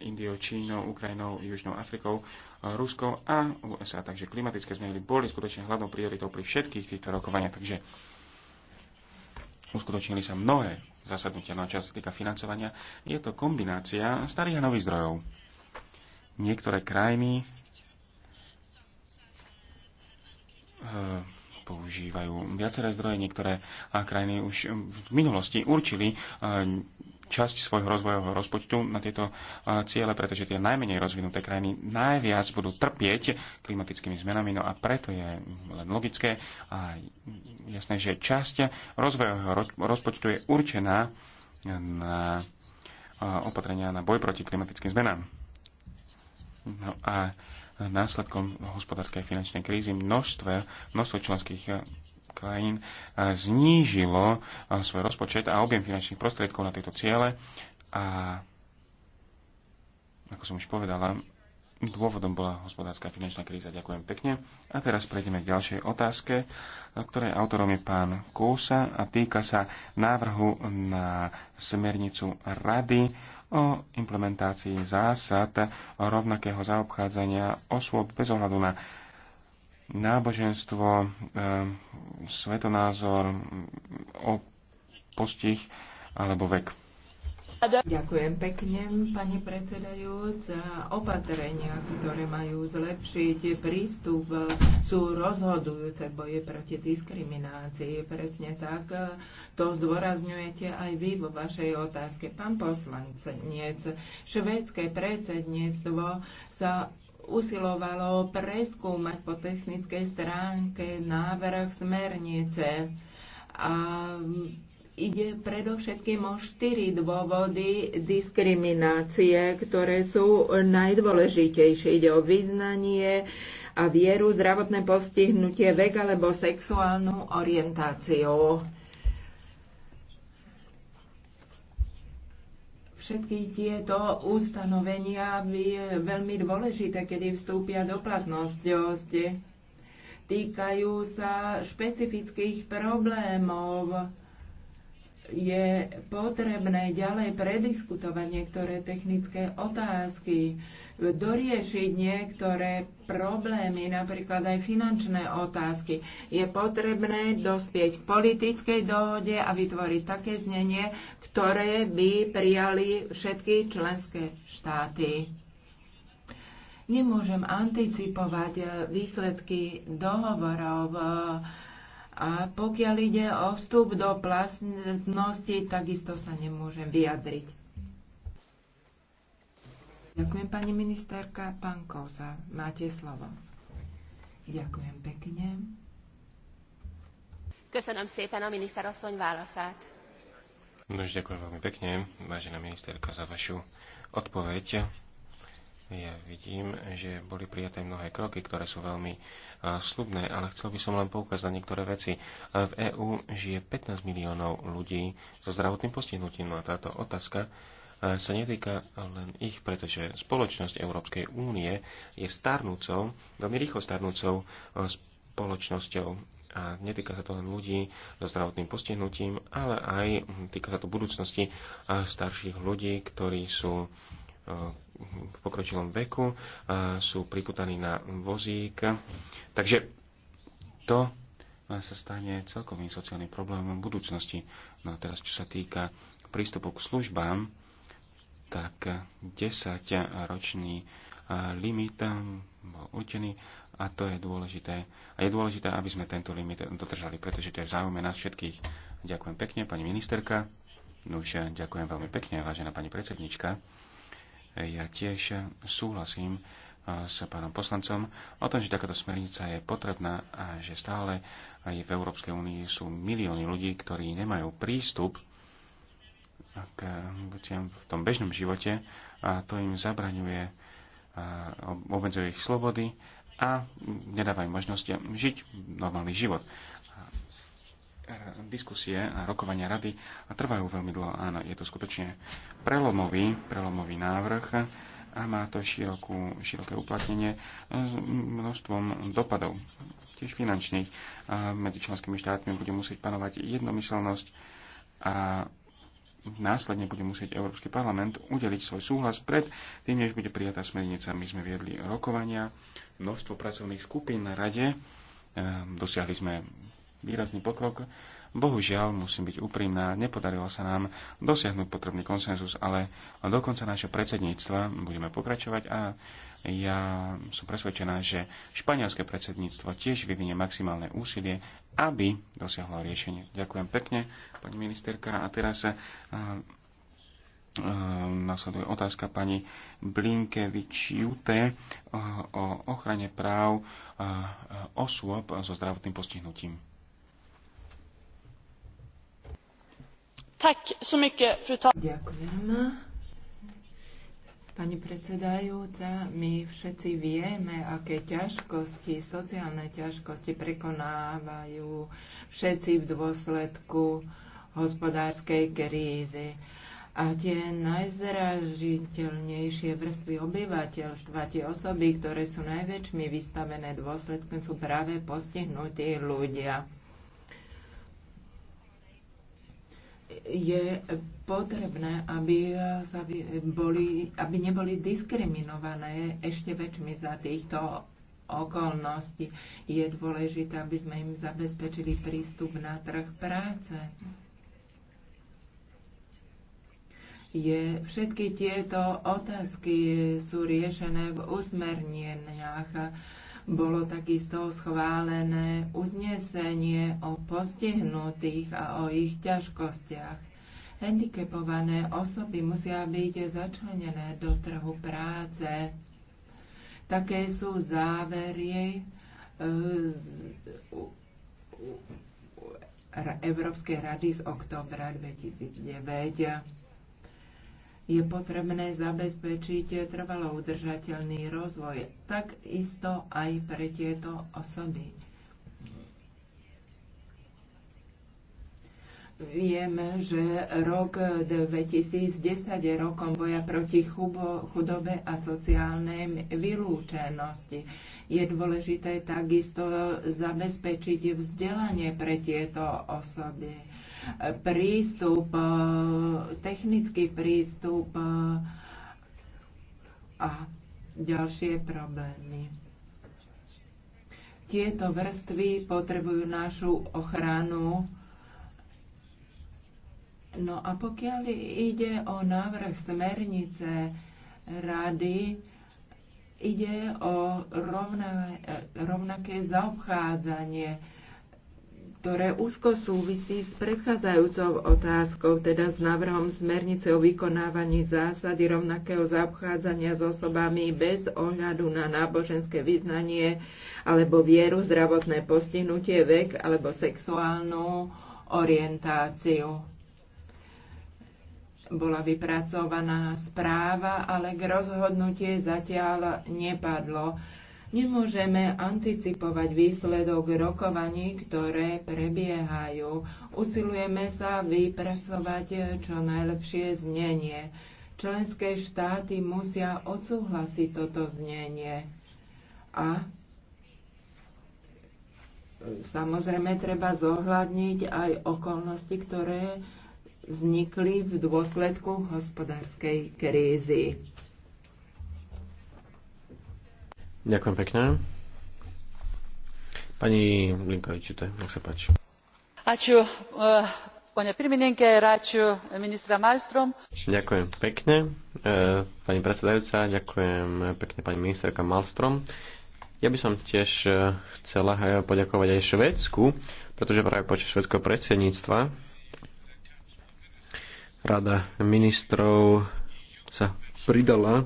Indiou, Čínou, Ukrajinou, Južnou Afrikou, eh, Ruskou a USA. Takže klimatické zmeny boli skutočne hlavnou prioritou pri všetkých týchto rokovaniach. Takže uskutočnili sa mnohé zasadnutia. No a týka financovania, je to kombinácia starých a nových zdrojov. Niektoré krajiny eh, používajú viaceré zdroje, niektoré eh, krajiny už v minulosti určili časť svojho rozvojového rozpočtu na tieto ciele, pretože tie najmenej rozvinuté krajiny najviac budú trpieť klimatickými zmenami. No a preto je len logické a jasné, že časť rozvojového rozpočtu je určená na opatrenia na boj proti klimatickým zmenám. No a následkom hospodárskej a finančnej krízy množstve, množstvo členských krajín e, znížilo e, svoj rozpočet a objem finančných prostriedkov na tieto ciele a ako som už povedala, dôvodom bola hospodárska finančná kríza. Ďakujem pekne. A teraz prejdeme k ďalšej otázke, e, ktorej autorom je pán Kúsa a týka sa návrhu na smernicu Rady o implementácii zásad rovnakého zaobchádzania osôb bez ohľadu na náboženstvo, eh, svetonázor, o postih alebo vek. Ďakujem pekne, pani predsedajúc. Opatrenia, ktoré majú zlepšiť prístup, sú rozhodujúce boje proti diskriminácii. Presne tak eh, to zdôrazňujete aj vy vo vašej otázke. Pán poslanec, švédske predsedníctvo sa usilovalo preskúmať po technickej stránke návrh smernice. A Ide predovšetkým o štyri dôvody diskriminácie, ktoré sú najdôležitejšie. Ide o vyznanie a vieru, zdravotné postihnutie, vek alebo sexuálnu orientáciu. všetky tieto ustanovenia by veľmi dôležité, kedy vstúpia do platnosti. Týkajú sa špecifických problémov. Je potrebné ďalej prediskutovať niektoré technické otázky doriešiť niektoré problémy, napríklad aj finančné otázky. Je potrebné dospieť k politickej dohode a vytvoriť také znenie, ktoré by prijali všetky členské štáty. Nemôžem anticipovať výsledky dohovorov a pokiaľ ide o vstup do platnosti, takisto sa nemôžem vyjadriť. Ďakujem, pani ministerka. Pán Koza, máte slovo. Ďakujem pekne. Köszönöm szépen a miniszter asszony válaszát. Nož, ďakujem veľmi pekne, vážená ministerka, za vašu odpoveď. Ja vidím, že boli prijaté mnohé kroky, ktoré sú veľmi slubné, ale chcel by som len poukázať niektoré veci. V EÚ žije 15 miliónov ľudí so zdravotným postihnutím a táto otázka sa netýka len ich, pretože spoločnosť Európskej únie je starnúcou, veľmi rýchlo starnúcou e, spoločnosťou a netýka sa to len ľudí so zdravotným postihnutím, ale aj týka sa to budúcnosti starších ľudí, ktorí sú e, v pokročilom veku, sú priputaní na vozík. Takže to e, sa stane celkovým sociálnym problémom v budúcnosti. No a teraz, čo sa týka prístupu k službám, tak 10-ročný e, limit e, bol určený a to je dôležité. A je dôležité, aby sme tento limit dodržali, pretože to je v záujme nás všetkých. Ďakujem pekne, pani ministerka. Nuž, e, ďakujem veľmi pekne, vážená pani predsednička. Ja tiež súhlasím s pánom poslancom o tom, že takáto smernica je potrebná a že stále aj v Európskej únii sú milióny ľudí, ktorí nemajú prístup k veciam eh, v tom bežnom živote a to im zabraňuje, eh, obmedzuje ich slobody a nedáva im možnosť žiť normálny život. Eh, diskusie a rokovania rady trvajú veľmi dlho. Áno, je to skutočne prelomový, prelomový návrh a má to širokú, široké uplatnenie s množstvom dopadov, tiež finančných. A medzi členskými štátmi bude musieť panovať jednomyselnosť a následne bude musieť Európsky parlament udeliť svoj súhlas pred tým, než bude prijatá smernica. My sme viedli rokovania, množstvo pracovných skupín na rade, ehm, dosiahli sme výrazný pokrok. Bohužiaľ, musím byť úprimná, nepodarilo sa nám dosiahnuť potrebný konsenzus, ale dokonca naše predsedníctva budeme pokračovať a ja som presvedčená, že španielské predsedníctvo tiež vyvinie maximálne úsilie, aby dosiahlo riešenie. Ďakujem pekne, pani ministerka. A teraz sa eh, eh, nasleduje otázka pani Blinkevičiute eh, o ochrane práv osôb so zdravotným postihnutím. Ďakujem. Pani predsedajúca, my všetci vieme, aké ťažkosti, sociálne ťažkosti prekonávajú všetci v dôsledku hospodárskej krízy. A tie najzražiteľnejšie vrstvy obyvateľstva, tie osoby, ktoré sú najväčšmi vystavené dôsledkom, sú práve postihnutí ľudia. je potrebné, aby, sa boli, aby neboli diskriminované ešte väčšmi za týchto okolností. Je dôležité, aby sme im zabezpečili prístup na trh práce. Je, všetky tieto otázky sú riešené v a. Bolo takisto schválené uznesenie o postihnutých a o ich ťažkostiach. Handicapované osoby musia byť začlenené do trhu práce. Také sú závery e, Európskej rady z oktobra 2009 je potrebné zabezpečiť trvalo udržateľný rozvoj, takisto aj pre tieto osoby. Viem, že rok 2010 je rokom boja proti chudobe a sociálnej vylúčenosti. Je dôležité takisto zabezpečiť vzdelanie pre tieto osoby prístup, e, technický prístup e, a ďalšie problémy. Tieto vrstvy potrebujú našu ochranu. No a pokiaľ ide o návrh smernice rady, ide o rovnaké zaobchádzanie ktoré úzko súvisí s predchádzajúcou otázkou, teda s návrhom smernice o vykonávaní zásady rovnakého zaobchádzania s osobami bez ohľadu na náboženské vyznanie alebo vieru, zdravotné postihnutie, vek alebo sexuálnu orientáciu. Bola vypracovaná správa, ale k rozhodnutie zatiaľ nepadlo Nemôžeme anticipovať výsledok rokovaní, ktoré prebiehajú. Usilujeme sa vypracovať čo najlepšie znenie. Členské štáty musia odsúhlasiť toto znenie. A samozrejme treba zohľadniť aj okolnosti, ktoré vznikli v dôsledku hospodárskej krízy. Ďakujem pekne. Pani Blinkovičite, nech sa páči. Ačiū, pane eh, Primininke, ir ministra Malstrom. Ďakujem pekne, eh, pani predsedajúca, ďakujem pekne pani ministerka Malstrom. Ja by som tiež eh, chcela poďakovať aj Švedsku, pretože práve počas švedského predsedníctva Rada ministrov sa pridala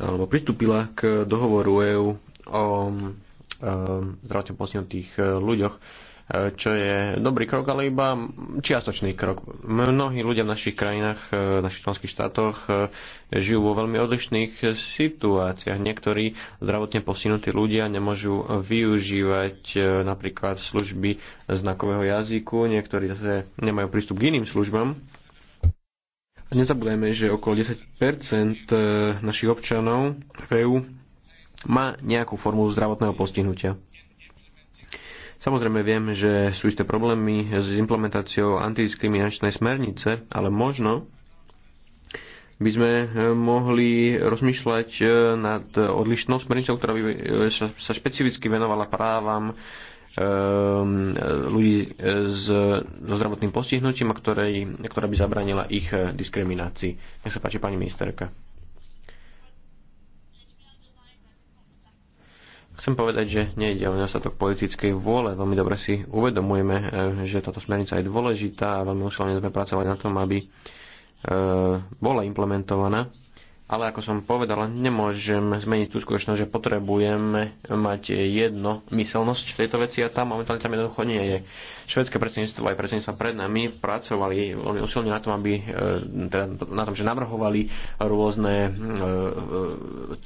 alebo pristúpila k dohovoru EÚ o um, zdravotne postihnutých uh, ľuďoch, uh, čo je dobrý krok, ale iba čiastočný krok. Mnohí ľudia v našich krajinách, uh, v našich členských štátoch žijú vo veľmi odlišných situáciách. Niektorí zdravotne postihnutí ľudia nemôžu využívať napríklad služby znakového jazyku, niektorí zase nemajú prístup k iným službám nezabudajme, že okolo 10 e, našich občanov v EÚ má nejakú formu zdravotného postihnutia. Samozrejme viem, že sú isté problémy s implementáciou antidiskriminačnej smernice, ale možno by sme e, mohli rozmýšľať e, nad odlišnou smernicou, ktorá by sa špecificky venovala právam Ehm, ľudí e, s, so zdravotným postihnutím, a ktorej, ktorá by zabranila ich e, diskriminácii. Nech sa páči, pani ministerka. Chcem povedať, že nejde o nedostatok politickej vôle. Veľmi dobre si uvedomujeme, e, že táto smernica je dôležitá a veľmi usilovne sme pracovali na tom, aby bola implementovaná ale ako som povedal, nemôžem zmeniť tú skutočnosť, že potrebujeme mať jedno myselnosť v tejto veci a tam momentálne tam jednoducho nie je. Švedské predsedníctvo aj predsedníctva pred nami pracovali veľmi usilne na tom, aby, e, teda na tom, že navrhovali rôzne e, e,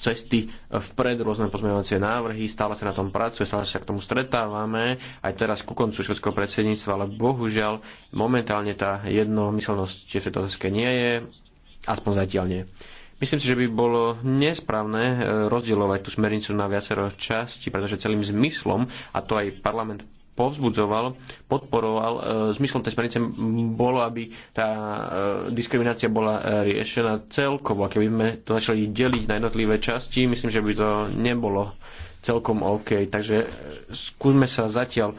cesty vpred, rôzne pozmeňovacie návrhy, stále sa na tom pracuje, stále sa k tomu stretávame, aj teraz ku koncu švedského predsedníctva, ale bohužiaľ momentálne tá jednomyselnosť v tejto nie je, aspoň zatiaľ nie. Myslím si, že by bolo nesprávne e, rozdielovať tú smernicu na viacero časti, pretože celým zmyslom, a to aj parlament povzbudzoval, podporoval. E, zmyslom tej smernice bolo, aby tá e, diskriminácia bola riešená celkovo. A keby sme to začali deliť na jednotlivé časti, myslím, že by to nebolo celkom OK. Takže skúsme sa zatiaľ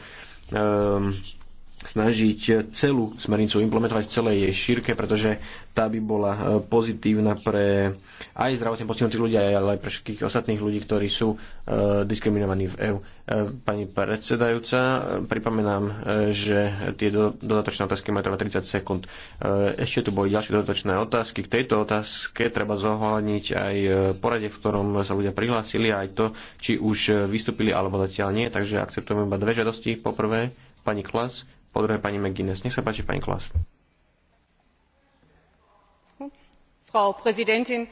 um, snažiť celú smernicu implementovať v celej jej šírke, pretože tá by bola e, pozitívna pre aj zdravotne postihnutých ľudí, ale aj pre všetkých ostatných ľudí, ktorí sú e, diskriminovaní v EÚ. E, pani predsedajúca, pripomínam, že tie dodatočné otázky majú trvať 30 sekúnd. Ešte tu boli ďalšie dodatočné otázky. K tejto otázke treba zohľadniť aj poradie, v ktorom sa ľudia prihlásili, aj to, či už vystúpili alebo zatiaľ nie. Takže akceptujeme iba dve žiadosti. Poprvé, pani Klas, po druhé pani McGuinness. Nech sa páči, pani Klas. Frau Präsidentin,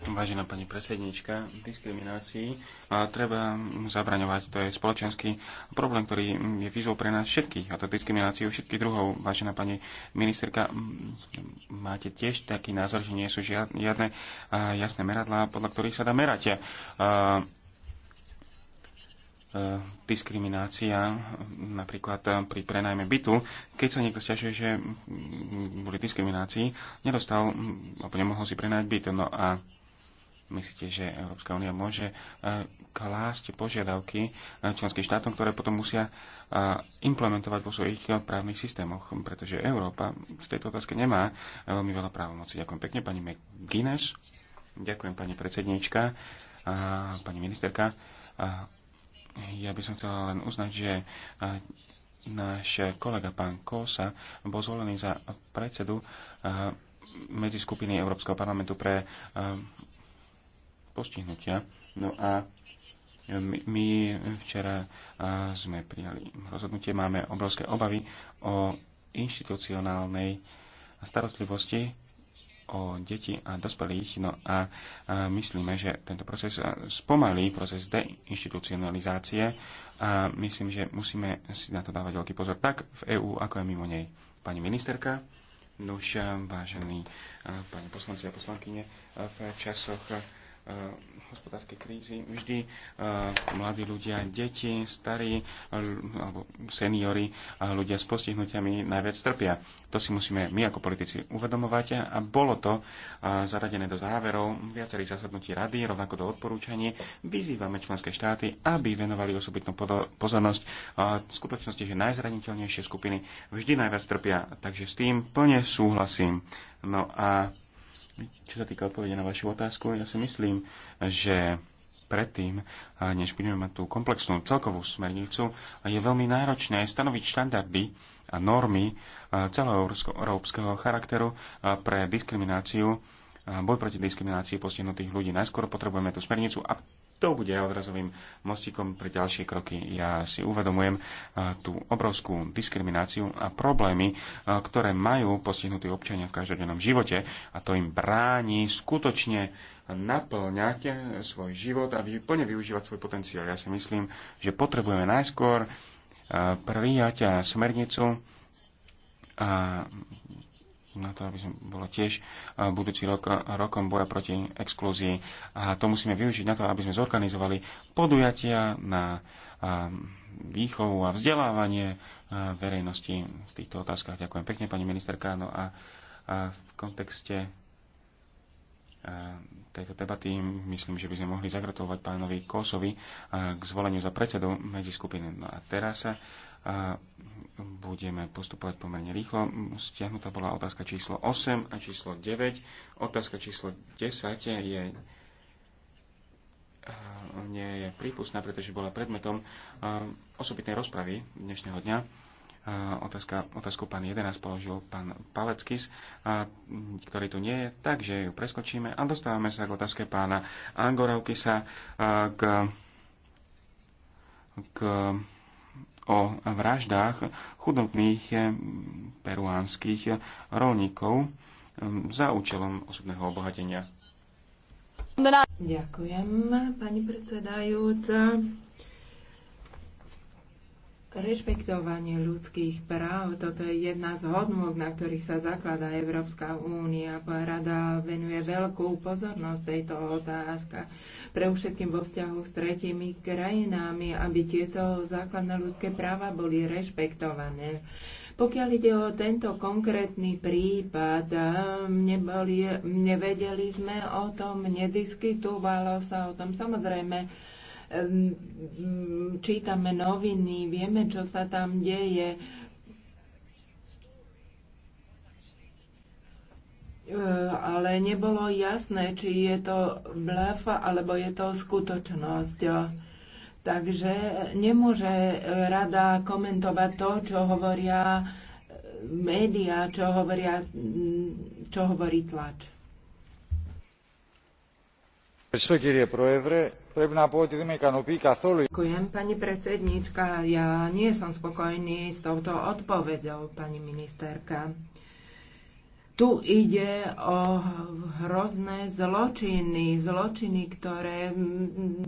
Vážená pani predsednička, diskriminácii a treba zabraňovať. To je spoločenský problém, ktorý je výzvou pre nás všetkých, a to diskrimináciu všetkých druhov. Vážená pani ministerka, máte tiež taký názor, že nie sú žiadne jasné meradlá, podľa ktorých sa dá merať E, diskriminácia napríklad e, pri prenajme bytu. Keď sa niekto stiažuje, že boli diskriminácii, nedostal, alebo nemohol si prenajať byt. No a myslíte, že Európska únia môže e, klásť požiadavky členským štátom, ktoré potom musia implementovať vo svojich právnych systémoch, pretože Európa v tejto otázke nemá veľmi veľa právomocí. Ďakujem pekne, pani McGuinness. Ďakujem, pani predsedníčka, pani ministerka ja by som chcela len uznať, že náš kolega pán Kosa bol zvolený za predsedu medzi skupiny Európskeho parlamentu pre postihnutia. No a my včera sme prijali rozhodnutie, máme obrovské obavy o inštitucionálnej starostlivosti o deti a dospelých. No a myslíme, že tento proces spomalí proces deinstitucionalizácie a myslím, že musíme si na to dávať veľký pozor tak v EÚ, ako aj mimo nej. Pani ministerka. Nuž, vážení pani poslanci a poslankyne, v časoch Eh, hospodárskej krízy vždy eh, mladí ľudia, deti, starí alebo seniory, ľudia s postihnutiami najviac trpia. To si musíme my ako politici uvedomovať a bolo to eh, zaradené do záverov viacerých zasadnutí rady, rovnako do odporúčaní. Vyzývame členské štáty, aby venovali osobitnú pozornosť v skutočnosti, že najzraniteľnejšie skupiny vždy najviac trpia. Takže s tým plne súhlasím. No a čo sa týka odpovede na vašu otázku, ja si myslím, že predtým, než budeme mať tú komplexnú celkovú smernicu, je veľmi náročné stanoviť štandardy a normy celoeurópskeho charakteru pre diskrimináciu, boj proti diskriminácii postihnutých ľudí. Najskôr potrebujeme tú smernicu a to bude odrazovým mostikom pre ďalšie kroky. Ja si uvedomujem tú obrovskú diskrimináciu a problémy, ktoré majú postihnutí občania v každodennom živote a to im bráni skutočne naplňať svoj život a plne využívať svoj potenciál. Ja si myslím, že potrebujeme najskôr prijať smernicu a na to, aby sme bolo tiež e, budúci rok e, rokom boja proti exklúzii. A to musíme využiť na to, aby sme zorganizovali podujatia na e, výchovu a vzdelávanie verejnosti v týchto otázkach. Ďakujem pekne, pani ministerka. No a v kontexte tejto debaty. Myslím, že by sme mohli zagratulovať pánovi Kosovi k zvoleniu za predsedu medzi skupiny. No a teraz sa budeme postupovať pomerne rýchlo. Stiahnutá bola otázka číslo 8 a číslo 9. Otázka číslo 10 je nie je prípustná, pretože bola predmetom osobitnej rozpravy dnešného dňa otázka, otázku pán 11 položil pán Paleckis, a, ktorý tu nie je, takže ju preskočíme a dostávame sa k otázke pána Angoraukisa k, k, o vraždách chudobných e, peruánskych rolníkov e, za účelom osobného obohatenia. Ďakujem, pani predsedajúca. Rešpektovanie ľudských práv, toto je jedna z hodnôt, na ktorých sa zakladá Európska únia. Rada venuje veľkú pozornosť tejto otázka, pre všetkým vo vzťahu s tretimi krajinami, aby tieto základné ľudské práva boli rešpektované. Pokiaľ ide o tento konkrétny prípad, ehm, neboli, nevedeli sme o tom, nediskutovalo sa o tom. Samozrejme, čítame noviny, vieme, čo sa tam deje. E, ale nebolo jasné, či je to blef alebo je to skutočnosť. Takže nemôže rada komentovať to, čo hovoria e, médiá, čo, hovoria, čo hovorí tlač. Ďakujem, pani predsedníčka. Ja nie som spokojný s touto odpoveďou, pani ministerka. Tu ide o hrozné zločiny, zločiny, ktoré mm,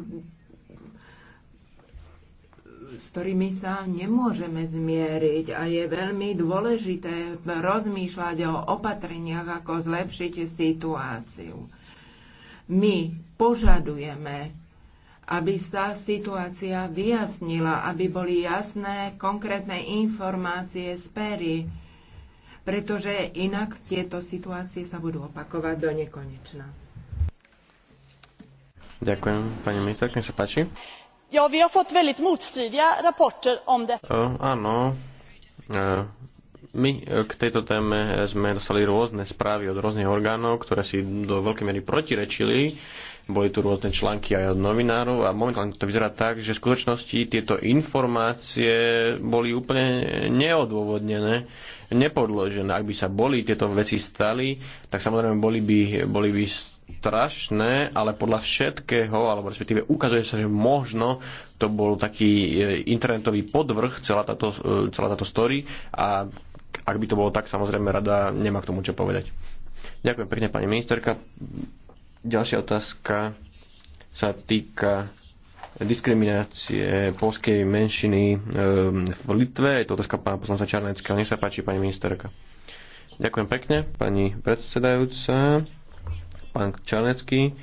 s ktorými sa nemôžeme zmieriť a je veľmi dôležité rozmýšľať o opatreniach, ako zlepšiť situáciu. My požadujeme, aby sa situácia vyjasnila, aby boli jasné konkrétne informácie z pery, pretože inak tieto situácie sa budú opakovať do nekonečna. Ďakujem, pani minister, kým sa páči. Ja, vi har fått väldigt motstridiga rapporter om det. Uh, áno, uh, my e, k tejto téme sme dostali rôzne správy od rôznych orgánov, ktoré si do veľkej miery protirečili. Boli tu rôzne články aj od novinárov a momentálne to vyzerá tak, že v skutočnosti tieto informácie boli úplne neodôvodnené, nepodložené. Ak by sa boli tieto veci stali, tak samozrejme boli by, boli by strašné, ale podľa všetkého, alebo respektíve ukazuje sa, že možno to bol taký e, internetový podvrh, celá táto, e, celá táto story a ak by to bolo tak, samozrejme rada nemá k tomu čo povedať. Ďakujem pekne, pani ministerka. Ďalšia otázka sa týka diskriminácie polskej menšiny ehm, v Litve. Je to otázka pána poslanca Čarneckého. Nech sa páči, pani ministerka. Ďakujem pekne, pani predsedajúca, pán Čarnecký. Ehm,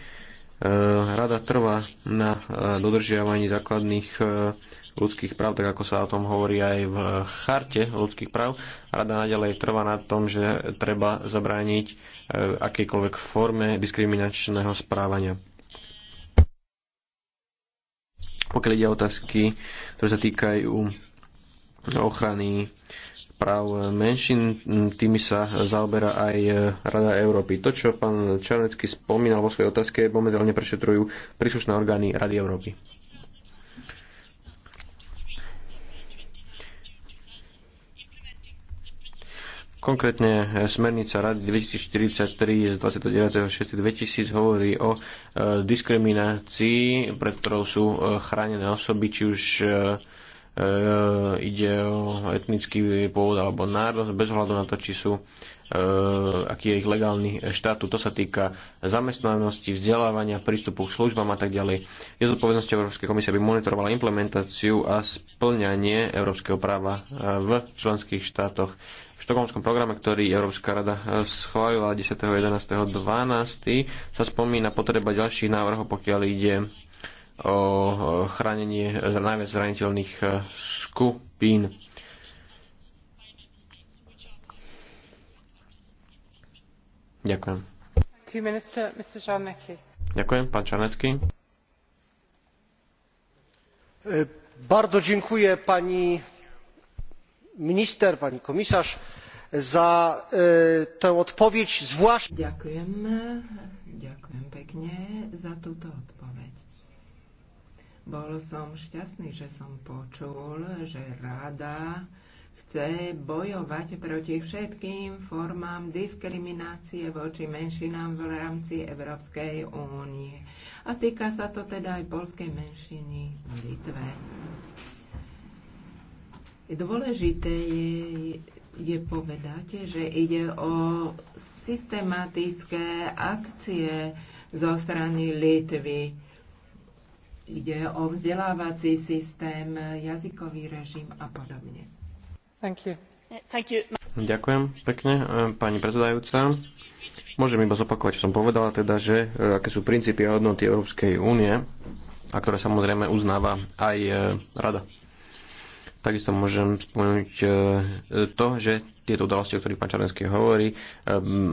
rada trvá na eh, dodržiavaní základných eh, ľudských práv, tak ako sa o tom hovorí aj v charte ľudských práv. Rada naďalej trvá na tom, že treba zabrániť e, akejkoľvek forme diskriminačného správania. Pokiaľ ide o otázky, ktoré sa týkajú ochrany práv menšín, tými sa zaoberá aj Rada Európy. To, čo pán Čarnecký spomínal vo svojej otázke, momentálne prešetrujú príslušné orgány Rady Európy. Konkrétne e, smernica Rady 2043 z 29.6.2000 hovorí o e, diskriminácii, pred ktorou sú e, chránené osoby, či už E, ide o etnický pôvod alebo národnosť, bez hľadu na to, či sú e, aký je ich legálny štátu. To sa týka zamestnanosti, vzdelávania, prístupu k službám a tak ďalej. Je zodpovednosťou Európskej komisie, aby monitorovala implementáciu a splňanie európskeho práva e, v členských štátoch. V štokholmskom programe, ktorý Európska rada schválila 10.11.12. sa spomína potreba ďalších návrhov, pokiaľ ide o chránenie najviac zraniteľných e, skupín. Ďakujem. Ďakujem, pán Čarnecký. E, bardzo dziękuję pani minister, pani komisarz za e, tę odpowiedź, zwłaszcza. Dziękuję, dziękuję pięknie za tę odpowiedź. Bol som šťastný, že som počul, že rada chce bojovať proti všetkým formám diskriminácie voči menšinám v rámci Európskej únie. A týka sa to teda aj polskej menšiny v Litve. Dôležité je, je povedať, že ide o systematické akcie zo strany Litvy Ide o vzdelávací systém, jazykový režim a podobne. Thank you. Thank you. Ďakujem pekne, e, pani predsedajúca. Môžem iba zopakovať, čo som povedala, teda, že e, aké sú princípy a hodnoty Európskej únie, a ktoré samozrejme uznáva aj e, Rada. Takisto môžem spomenúť to, že tieto udalosti, o ktorých pán Čarenský hovorí, e,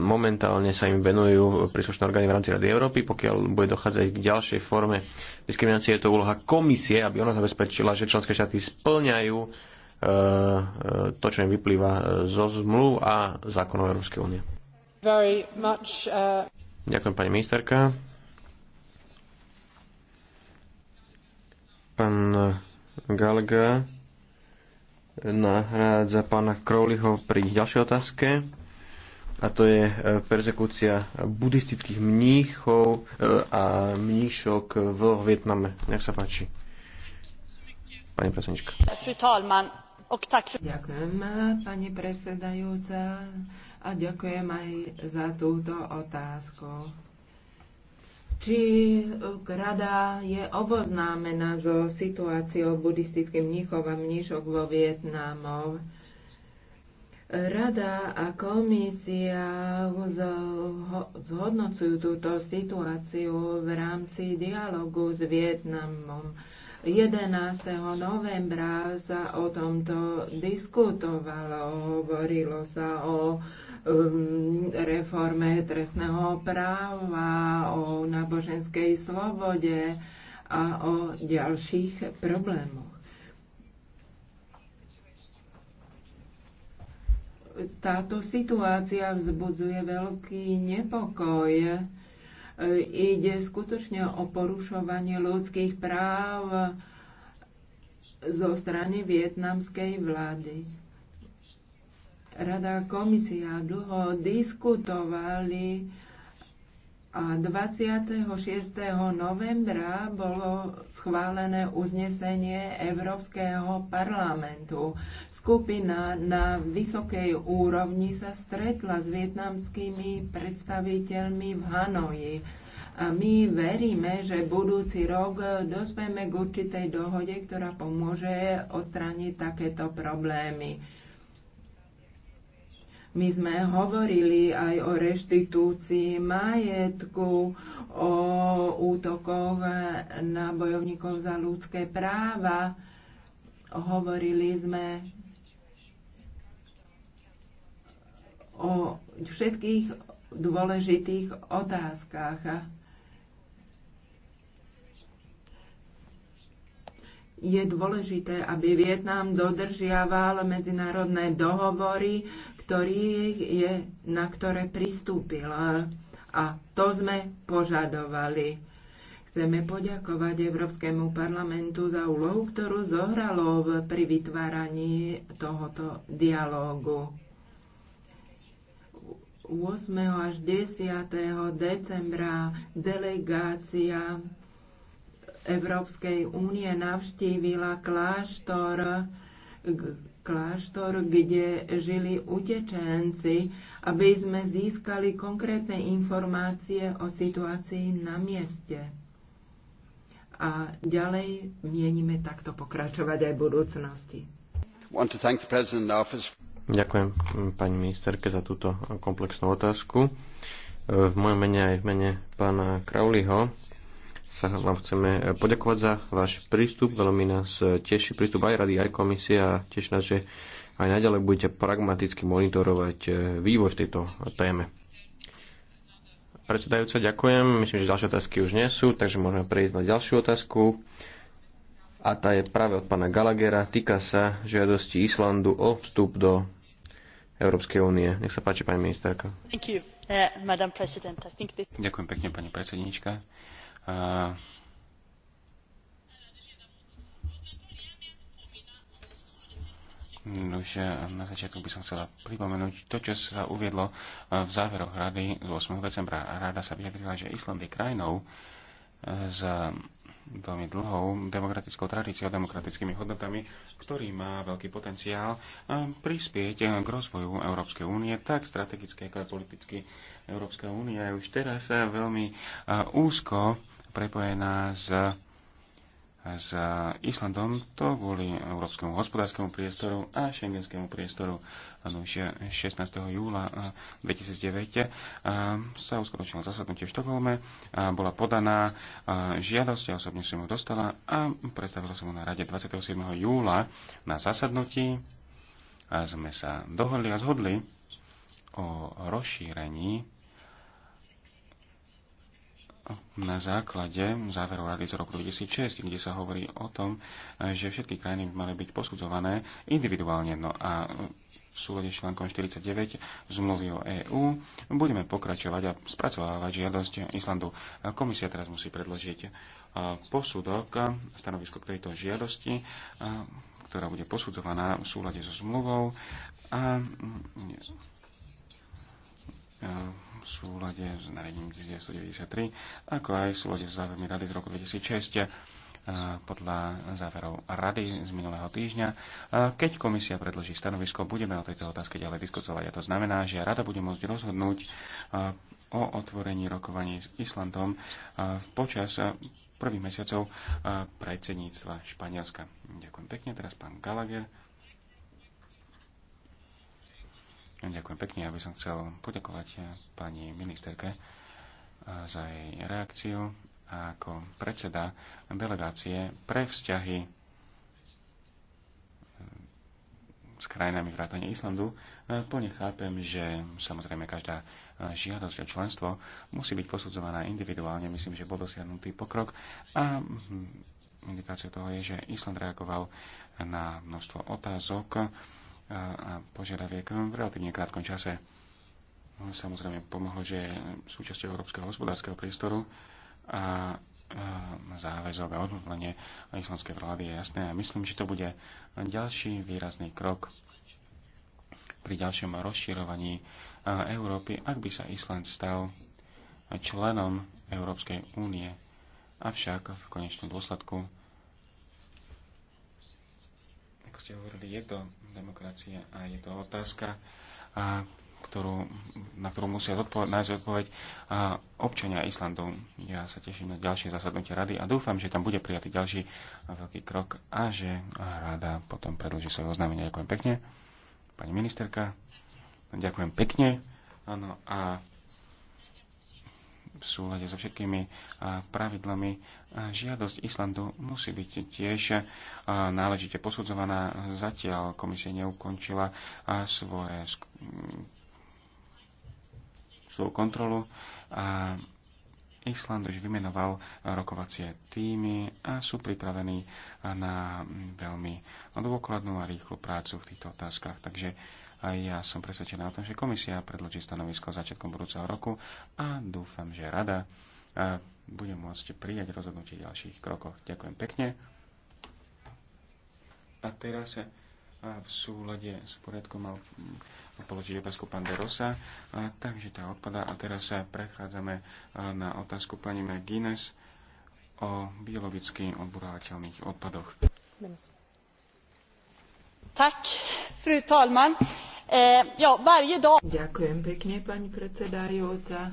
momentálne sa im venujú príslušné orgány v rámci Rady Európy. Pokiaľ bude dochádzať k ďalšej forme diskriminácie, je to úloha komisie, aby ona zabezpečila, že členské štáty splňajú e, e, to, čo im vyplýva zo zmluv a zákonov Európskej únie. uh... Ďakujem, pani ministerka. Pán Galga nahrádza pána Crowleyho pri ďalšej otázke a to je e, persekúcia buddhistických mníchov e, a mníšok v Vietname. Nech sa páči. Pani predsednička. Ďakujem, pani predsedajúca, a ďakujem aj za túto otázku či e, Rada je oboznámená so situáciou buddhistických mníchov a mníšok vo Vietnamov. Rada a komisia zhodnocujú túto situáciu v rámci dialogu s Vietnamom. 11. novembra sa o tomto diskutovalo, hovorilo sa o Um, reforme trestného práva, o náboženskej slobode a o ďalších problémoch. Táto situácia vzbudzuje veľký nepokoj. Ide skutočne o porušovanie ľudských práv zo strany vietnamskej vlády Rada komisia dlho diskutovali a 26. novembra bolo schválené uznesenie Európskeho parlamentu. Skupina na vysokej úrovni sa stretla s vietnamskými predstaviteľmi v Hanoji. A my veríme, že budúci rok dospeme k určitej dohode, ktorá pomôže odstrániť takéto problémy my sme hovorili aj o reštitúcii majetku, o útokoch na bojovníkov za ľudské práva. Hovorili sme o všetkých dôležitých otázkach. je dôležité, aby Vietnam dodržiaval medzinárodné dohovory, ktorý je, na ktoré pristúpil. A to sme požadovali. Chceme poďakovať Európskemu parlamentu za úlohu, ktorú zohralo pri vytváraní tohoto dialógu. 8. až 10. decembra delegácia Európskej únie navštívila kláštor kláštor, kde žili utečenci, aby sme získali konkrétne informácie o situácii na mieste. A ďalej mienime takto pokračovať aj v budúcnosti. Ďakujem mm, pani ministerke za túto komplexnú otázku. E, v mojom mene aj v mene pána Krauliho sa vám chceme poďakovať za váš prístup. Veľmi nás teší prístup aj rady, aj komisie a teší nás, že aj naďalej budete pragmaticky monitorovať eh, vývoj v tejto téme. Predsedajúca, ďakujem. Myslím, že ďalšie otázky už nie sú, takže môžeme prejsť na ďalšiu otázku. A tá je práve od pána Galagera. Týka sa žiadosti Islandu o vstup do Európskej únie. Nech sa páči, pani ministerka. Eh, ďakujem pekne, pani predsedníčka. Uh... Už na začiatku by som chcela pripomenúť to, čo sa uviedlo e, v záveroch rady z 8. decembra. Rada sa vyjadrila, že Island je krajinou e, s veľmi dlhou demokratickou tradíciou, demokratickými hodnotami, ktorý má veľký potenciál e, prispieť k rozvoju Európskej únie, tak strategicky, ako aj politicky. Európska únia je už teraz veľmi úzko prepojená s, s Islandom, to kvôli Európskemu hospodárskemu priestoru a šengenskému priestoru. 16. júla 2009 eh, eh, sa uskutočnilo zasadnutie v Štokholme. Eh, bola podaná žiadosť, ja osobne som ju dostala a predstavila som ju na rade 27. júla na zasadnutí. A sme sa dohodli a zhodli o rozšírení na základe záveru rady z roku 2006, kde sa hovorí o tom, že všetky krajiny by mali byť posudzované individuálne. No a v súlade s článkom 49 zmluvy o EÚ budeme pokračovať a spracovávať žiadosť Islandu. Komisia teraz musí predložiť posudok, stanovisko k tejto žiadosti, ktorá bude posudzovaná v súlade so zmluvou a v súlade s nariadením 1993, ako aj v súlade s závermi Rady z roku 2006 podľa záverov Rady z minulého týždňa. Keď komisia predloží stanovisko, budeme o tejto otázke ďalej diskutovať. A to znamená, že Rada bude môcť rozhodnúť o otvorení rokovaní s Islandom počas prvých mesiacov predsedníctva Španielska. Ďakujem pekne. Teraz pán Gallagher. Ďakujem pekne. Ja by som chcel poďakovať eh, pani ministerke eh, za jej reakciu a ako predseda delegácie pre vzťahy eh, s krajinami vrátane Islandu. Plne chápem, že samozrejme každá žiadosť o členstvo musí byť posudzovaná individuálne. Myslím, že bol dosiahnutý pokrok a hm, indikáciou toho je, že Island reagoval na množstvo otázok, a požiadaviek v relatívne krátkom čase. Samozrejme pomohlo, že je súčasťou európskeho hospodárskeho priestoru a záväzok a odhodlanie islamskej vlády je jasné a myslím, že to bude ďalší výrazný krok pri ďalšom rozširovaní Európy, ak by sa Island stal členom Európskej únie. Avšak v konečnom dôsledku ako ste hovorili, je to demokracia a je to otázka, a, ktorú, na ktorú musia zodpoveď, nájsť odpoveď a, občania Islandu. Ja sa teším na ďalšie zasadnutie rady a dúfam, že tam bude prijatý ďalší veľký krok a že rada potom predlží svoje oznámenie. Ďakujem pekne. Pani ministerka, ďakujem pekne. Áno, a v súlade so všetkými pravidlami. Žiadosť Islandu musí byť tiež náležite posudzovaná. Zatiaľ komisia neukončila svoje, svoju kontrolu a Island už vymenoval rokovacie týmy a sú pripravení na veľmi dôkladnú a rýchlu prácu v týchto otázkach. Takže a ja som presvedčená o tom, že komisia predloží stanovisko začiatkom budúceho roku a dúfam, že rada e, bude môcť prijať rozhodnutie v ďalších krokoch. Ďakujem pekne. A teraz e, v súlade s poriadkom mal položiť otázku pán De Rosa, a, takže tá odpada. A teraz sa e, predchádzame na otázku pani McGuinness o biologicky odburávateľných odpadoch. Minister. Eh, Ďakujem pekne, pani predsedajúca.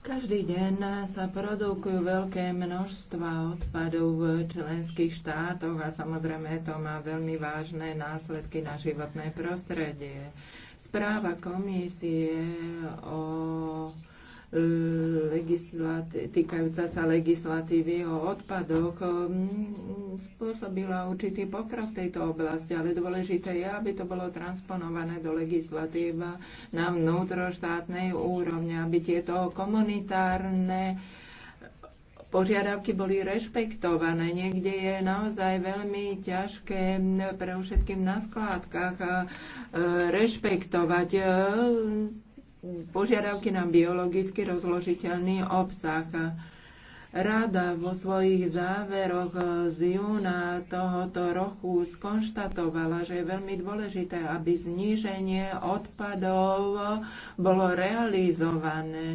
Každý deň sa produkujú veľké množstva odpadov v členských štátoch a samozrejme to má veľmi vážne následky na životné prostredie. Správa komisie o týkajúca sa legislatívy o odpadoch um, spôsobila určitý pokrok v tejto oblasti, ale dôležité je, aby to bolo transponované do legislatíva na vnútroštátnej úrovni, aby tieto komunitárne požiadavky boli rešpektované. Niekde je naozaj veľmi ťažké pre všetkým na skládkach uh, rešpektovať uh, požiadavky na biologicky rozložiteľný obsah. Rada vo svojich záveroch eh, z júna tohoto roku skonštatovala, že je veľmi dôležité, aby zníženie odpadov bolo realizované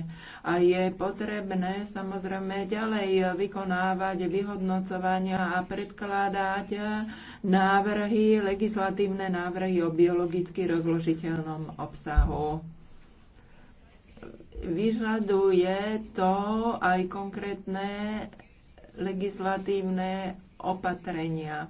a je potrebné samozrejme ďalej vykonávať vyhodnocovania a predkladať návrhy, legislatívne návrhy o biologicky rozložiteľnom obsahu. Vyžaduje to aj konkrétne legislatívne opatrenia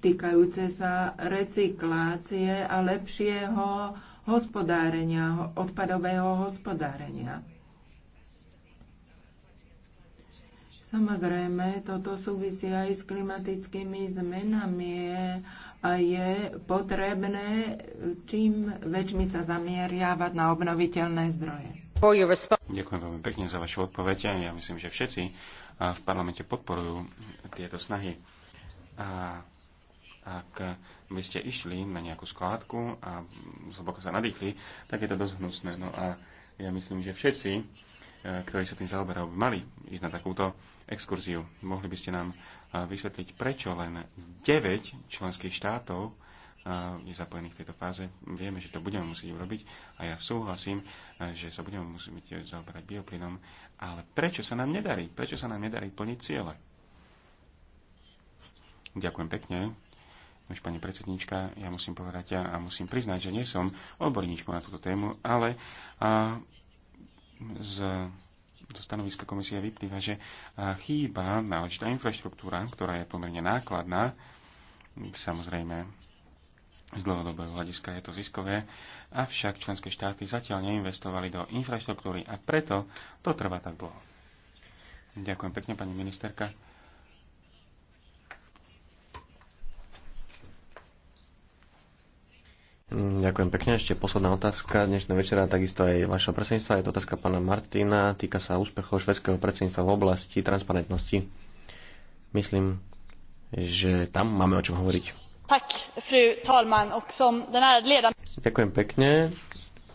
týkajúce sa recyklácie a lepšieho hospodárenia, odpadového hospodárenia. Samozrejme, toto súvisí aj s klimatickými zmenami je potrebné čím väčšmi sa zamieriavať na obnoviteľné zdroje. Ďakujem veľmi pekne za vašu odpoveď. Ja myslím, že všetci v parlamente podporujú tieto snahy. A ak by ste išli na nejakú skládku a zhlboko sa nadýchli, tak je to dosť hnusné. No a ja myslím, že všetci, e, ktorí sa tým zaoberajú, by mali ísť na takúto exkurziu. Mohli by ste nám vysvetliť, prečo len 9 členských štátov je zapojených v tejto fáze. Vieme, že to budeme musieť urobiť a ja súhlasím, že sa budeme musieť e, zaoberať bioplynom, ale prečo sa nám nedarí? Prečo sa nám nedarí plniť ciele? Ďakujem pekne. Už pani predsednička, ja musím povedať ja, a musím priznať, že nie som odborníčkou na túto tému, ale a, z do stanoviska komisie vyplýva, že chýba náležitá infraštruktúra, ktorá je pomerne nákladná. Samozrejme, z dlhodobého hľadiska je to ziskové, avšak členské štáty zatiaľ neinvestovali do infraštruktúry a preto to trvá tak dlho. Ďakujem pekne, pani ministerka. Ďakujem pekne. Ešte posledná otázka dnešného večera, takisto aj vašho predsedníctva. Je to otázka pána Martina. Týka sa úspechov švedského predsedníctva v oblasti transparentnosti. Myslím, že tam máme o čom hovoriť. Tak, fru talman, och som den här ledan... Ďakujem pekne.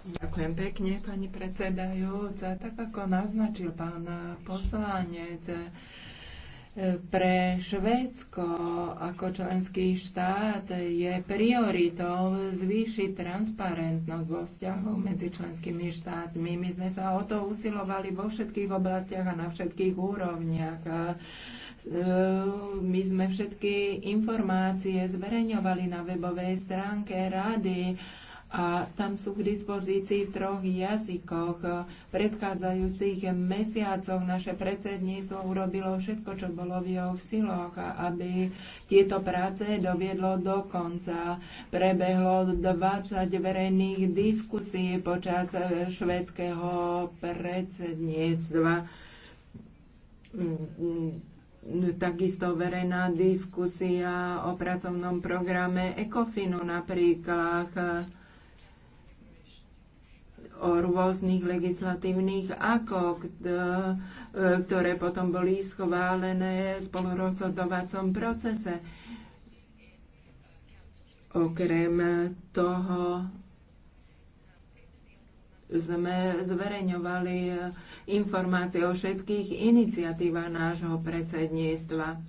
Ďakujem pekne, pani predsedajúca. Tak ako naznačil pán poslanec, pre Švédsko ako členský štát je prioritou zvýšiť transparentnosť vo vzťahoch medzi členskými štátmi. My sme sa o to usilovali vo všetkých oblastiach a na všetkých úrovniach. E, my sme všetky informácie zverejňovali na webovej stránke rady a tam sú k dispozícii v troch jazykoch. V predchádzajúcich mesiacoch naše predsedníctvo urobilo všetko, čo bolo v jeho silách, aby tieto práce doviedlo do konca. Prebehlo 20 verejných diskusí počas e, švedského predsedníctva mm, mm, takisto verejná diskusia o pracovnom programe ECOFINu napríklad o rôznych legislatívnych ako, e, e, ktoré potom boli schválené v spolurozhodovacom procese. Okrem toho sme zverejňovali informácie o všetkých iniciatívach nášho predsedníctva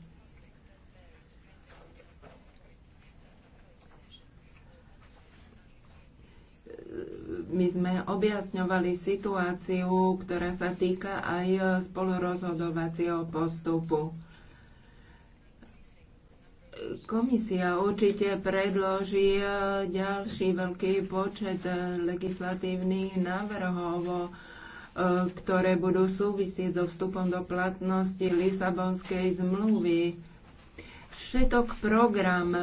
My sme objasňovali situáciu, ktorá sa týka aj spolurozhodovacieho postupu. Komisia určite predloží e, ďalší veľký počet e, legislatívnych návrhov, e, ktoré budú súvisieť so vstupom do platnosti Lisabonskej zmluvy Všetok program, e,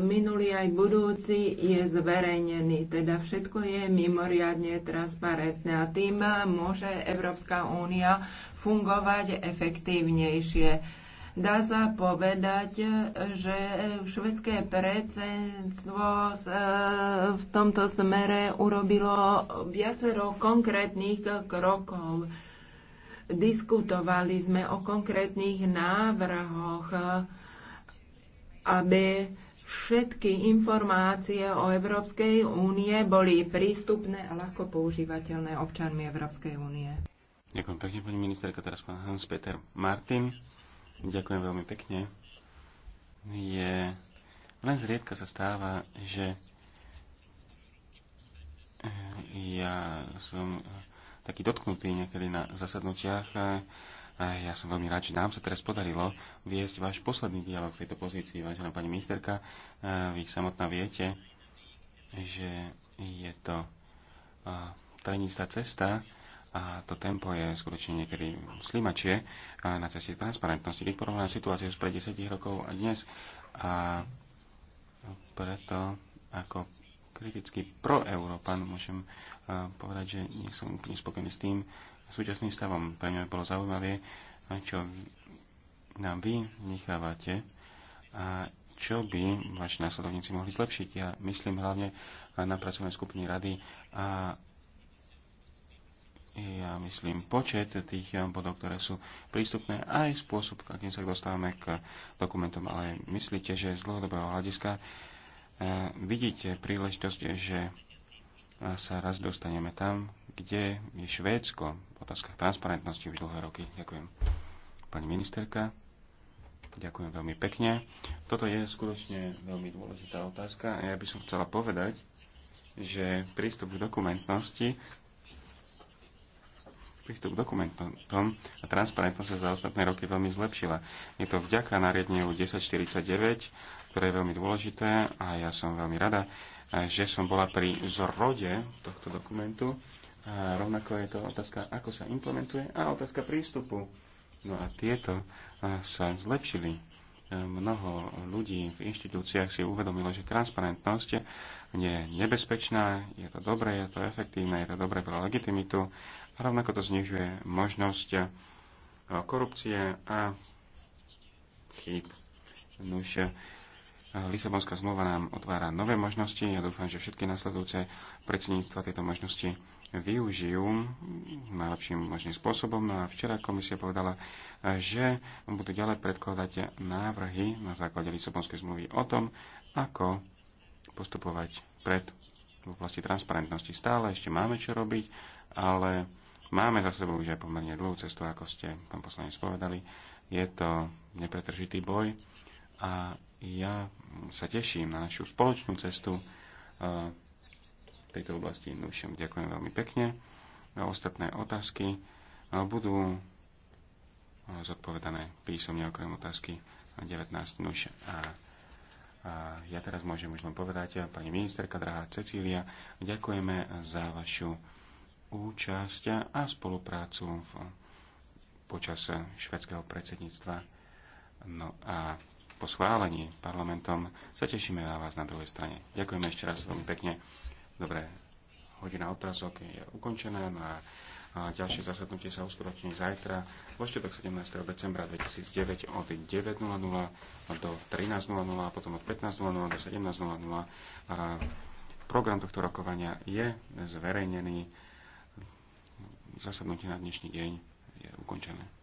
minulý aj budúci, je zverejnený, teda všetko je mimoriadne transparentné a tým e, môže Európska únia fungovať efektívnejšie. Dá sa povedať, e, že švedské predsedstvo v tomto smere urobilo viacero konkrétnych krokov. Diskutovali sme o konkrétnych návrhoch aby všetky informácie o Európskej únie boli prístupné a ľahko používateľné občanmi Európskej únie. Ďakujem pekne, pani ministerka, teraz pán Hans-Peter Martin. Ďakujem veľmi pekne. Je... Len zriedka sa stáva, že eh, ja som taký dotknutý niekedy na zasadnutiach eh, ja som veľmi rád, že nám sa teraz podarilo viesť váš posledný dialog v tejto pozícii, vážená pani ministerka. E, vy samotná viete, že je to e, trenistá cesta a to tempo je skutočne niekedy slimačie na ceste transparentnosti. Keď porovnáme situáciu pred 10 rokov a dnes a preto ako kritický pro Európan môžem e, povedať, že nie som úplne spokojný s tým, súčasným stavom. Pre mňa bolo zaujímavé, čo nám vy nechávate a čo by vaši následovníci mohli zlepšiť. Ja myslím hlavne na pracovnej skupine rady a ja myslím počet tých bodov, ktoré sú prístupné, aj spôsob, akým sa dostávame k dokumentom. Ale myslíte, že z dlhodobého hľadiska eh, vidíte príležitosť, že sa raz dostaneme tam, kde je Švédsko v otázkach transparentnosti už dlhé roky. Ďakujem. Pani ministerka, ďakujem veľmi pekne. Toto je skutočne veľmi dôležitá otázka a ja by som chcela povedať, že prístup k dokumentnosti prístup k dokumentom a transparentnosť sa za ostatné roky veľmi zlepšila. Je to vďaka nariadeniu 1049, ktoré je veľmi dôležité a ja som veľmi rada, že som bola pri zrode tohto dokumentu a rovnako je to otázka, ako sa implementuje a otázka prístupu. No a tieto sa zlepšili. E, mnoho ľudí v inštitúciách si uvedomilo, že transparentnosť je nebezpečná, je to dobré, je to efektívne, je to dobré pre legitimitu a rovnako to znižuje možnosť e, korupcie a chýb. Nuž, e, Lisabonská zmluva nám otvára nové možnosti. Ja dúfam, že všetky nasledujúce predsedníctva tieto možnosti využijú najlepším možným spôsobom. No a včera komisia povedala, že budú ďalej predkladať návrhy na základe Lisabonskej zmluvy o tom, ako postupovať pred v oblasti transparentnosti. Stále ešte máme čo robiť, ale máme za sebou už aj pomerne dlhú cestu, ako ste, pán poslanec, povedali. Je to nepretržitý boj a ja sa teším na našu spoločnú cestu eh, tejto oblasti. No všem ďakujem veľmi pekne. A ostatné otázky budú zodpovedané písomne okrem otázky 19. Nuž. A, a ja teraz môžem už len povedať, pani ministerka, drahá Cecília, ďakujeme za vašu účasť a spoluprácu v, počas švedského predsedníctva. No a po schválení parlamentom sa tešíme na vás na druhej strane. Ďakujeme ešte raz veľmi pekne. Dobre, hodina otázok je ukončená. No a ďalšie zasadnutie sa uskutoční zajtra vo štvrtok 17. decembra 2009 od 9.00 do 13.00 a potom od 15.00 do 17.00. A program tohto rokovania je zverejnený. Zasadnutie na dnešný deň je ukončené.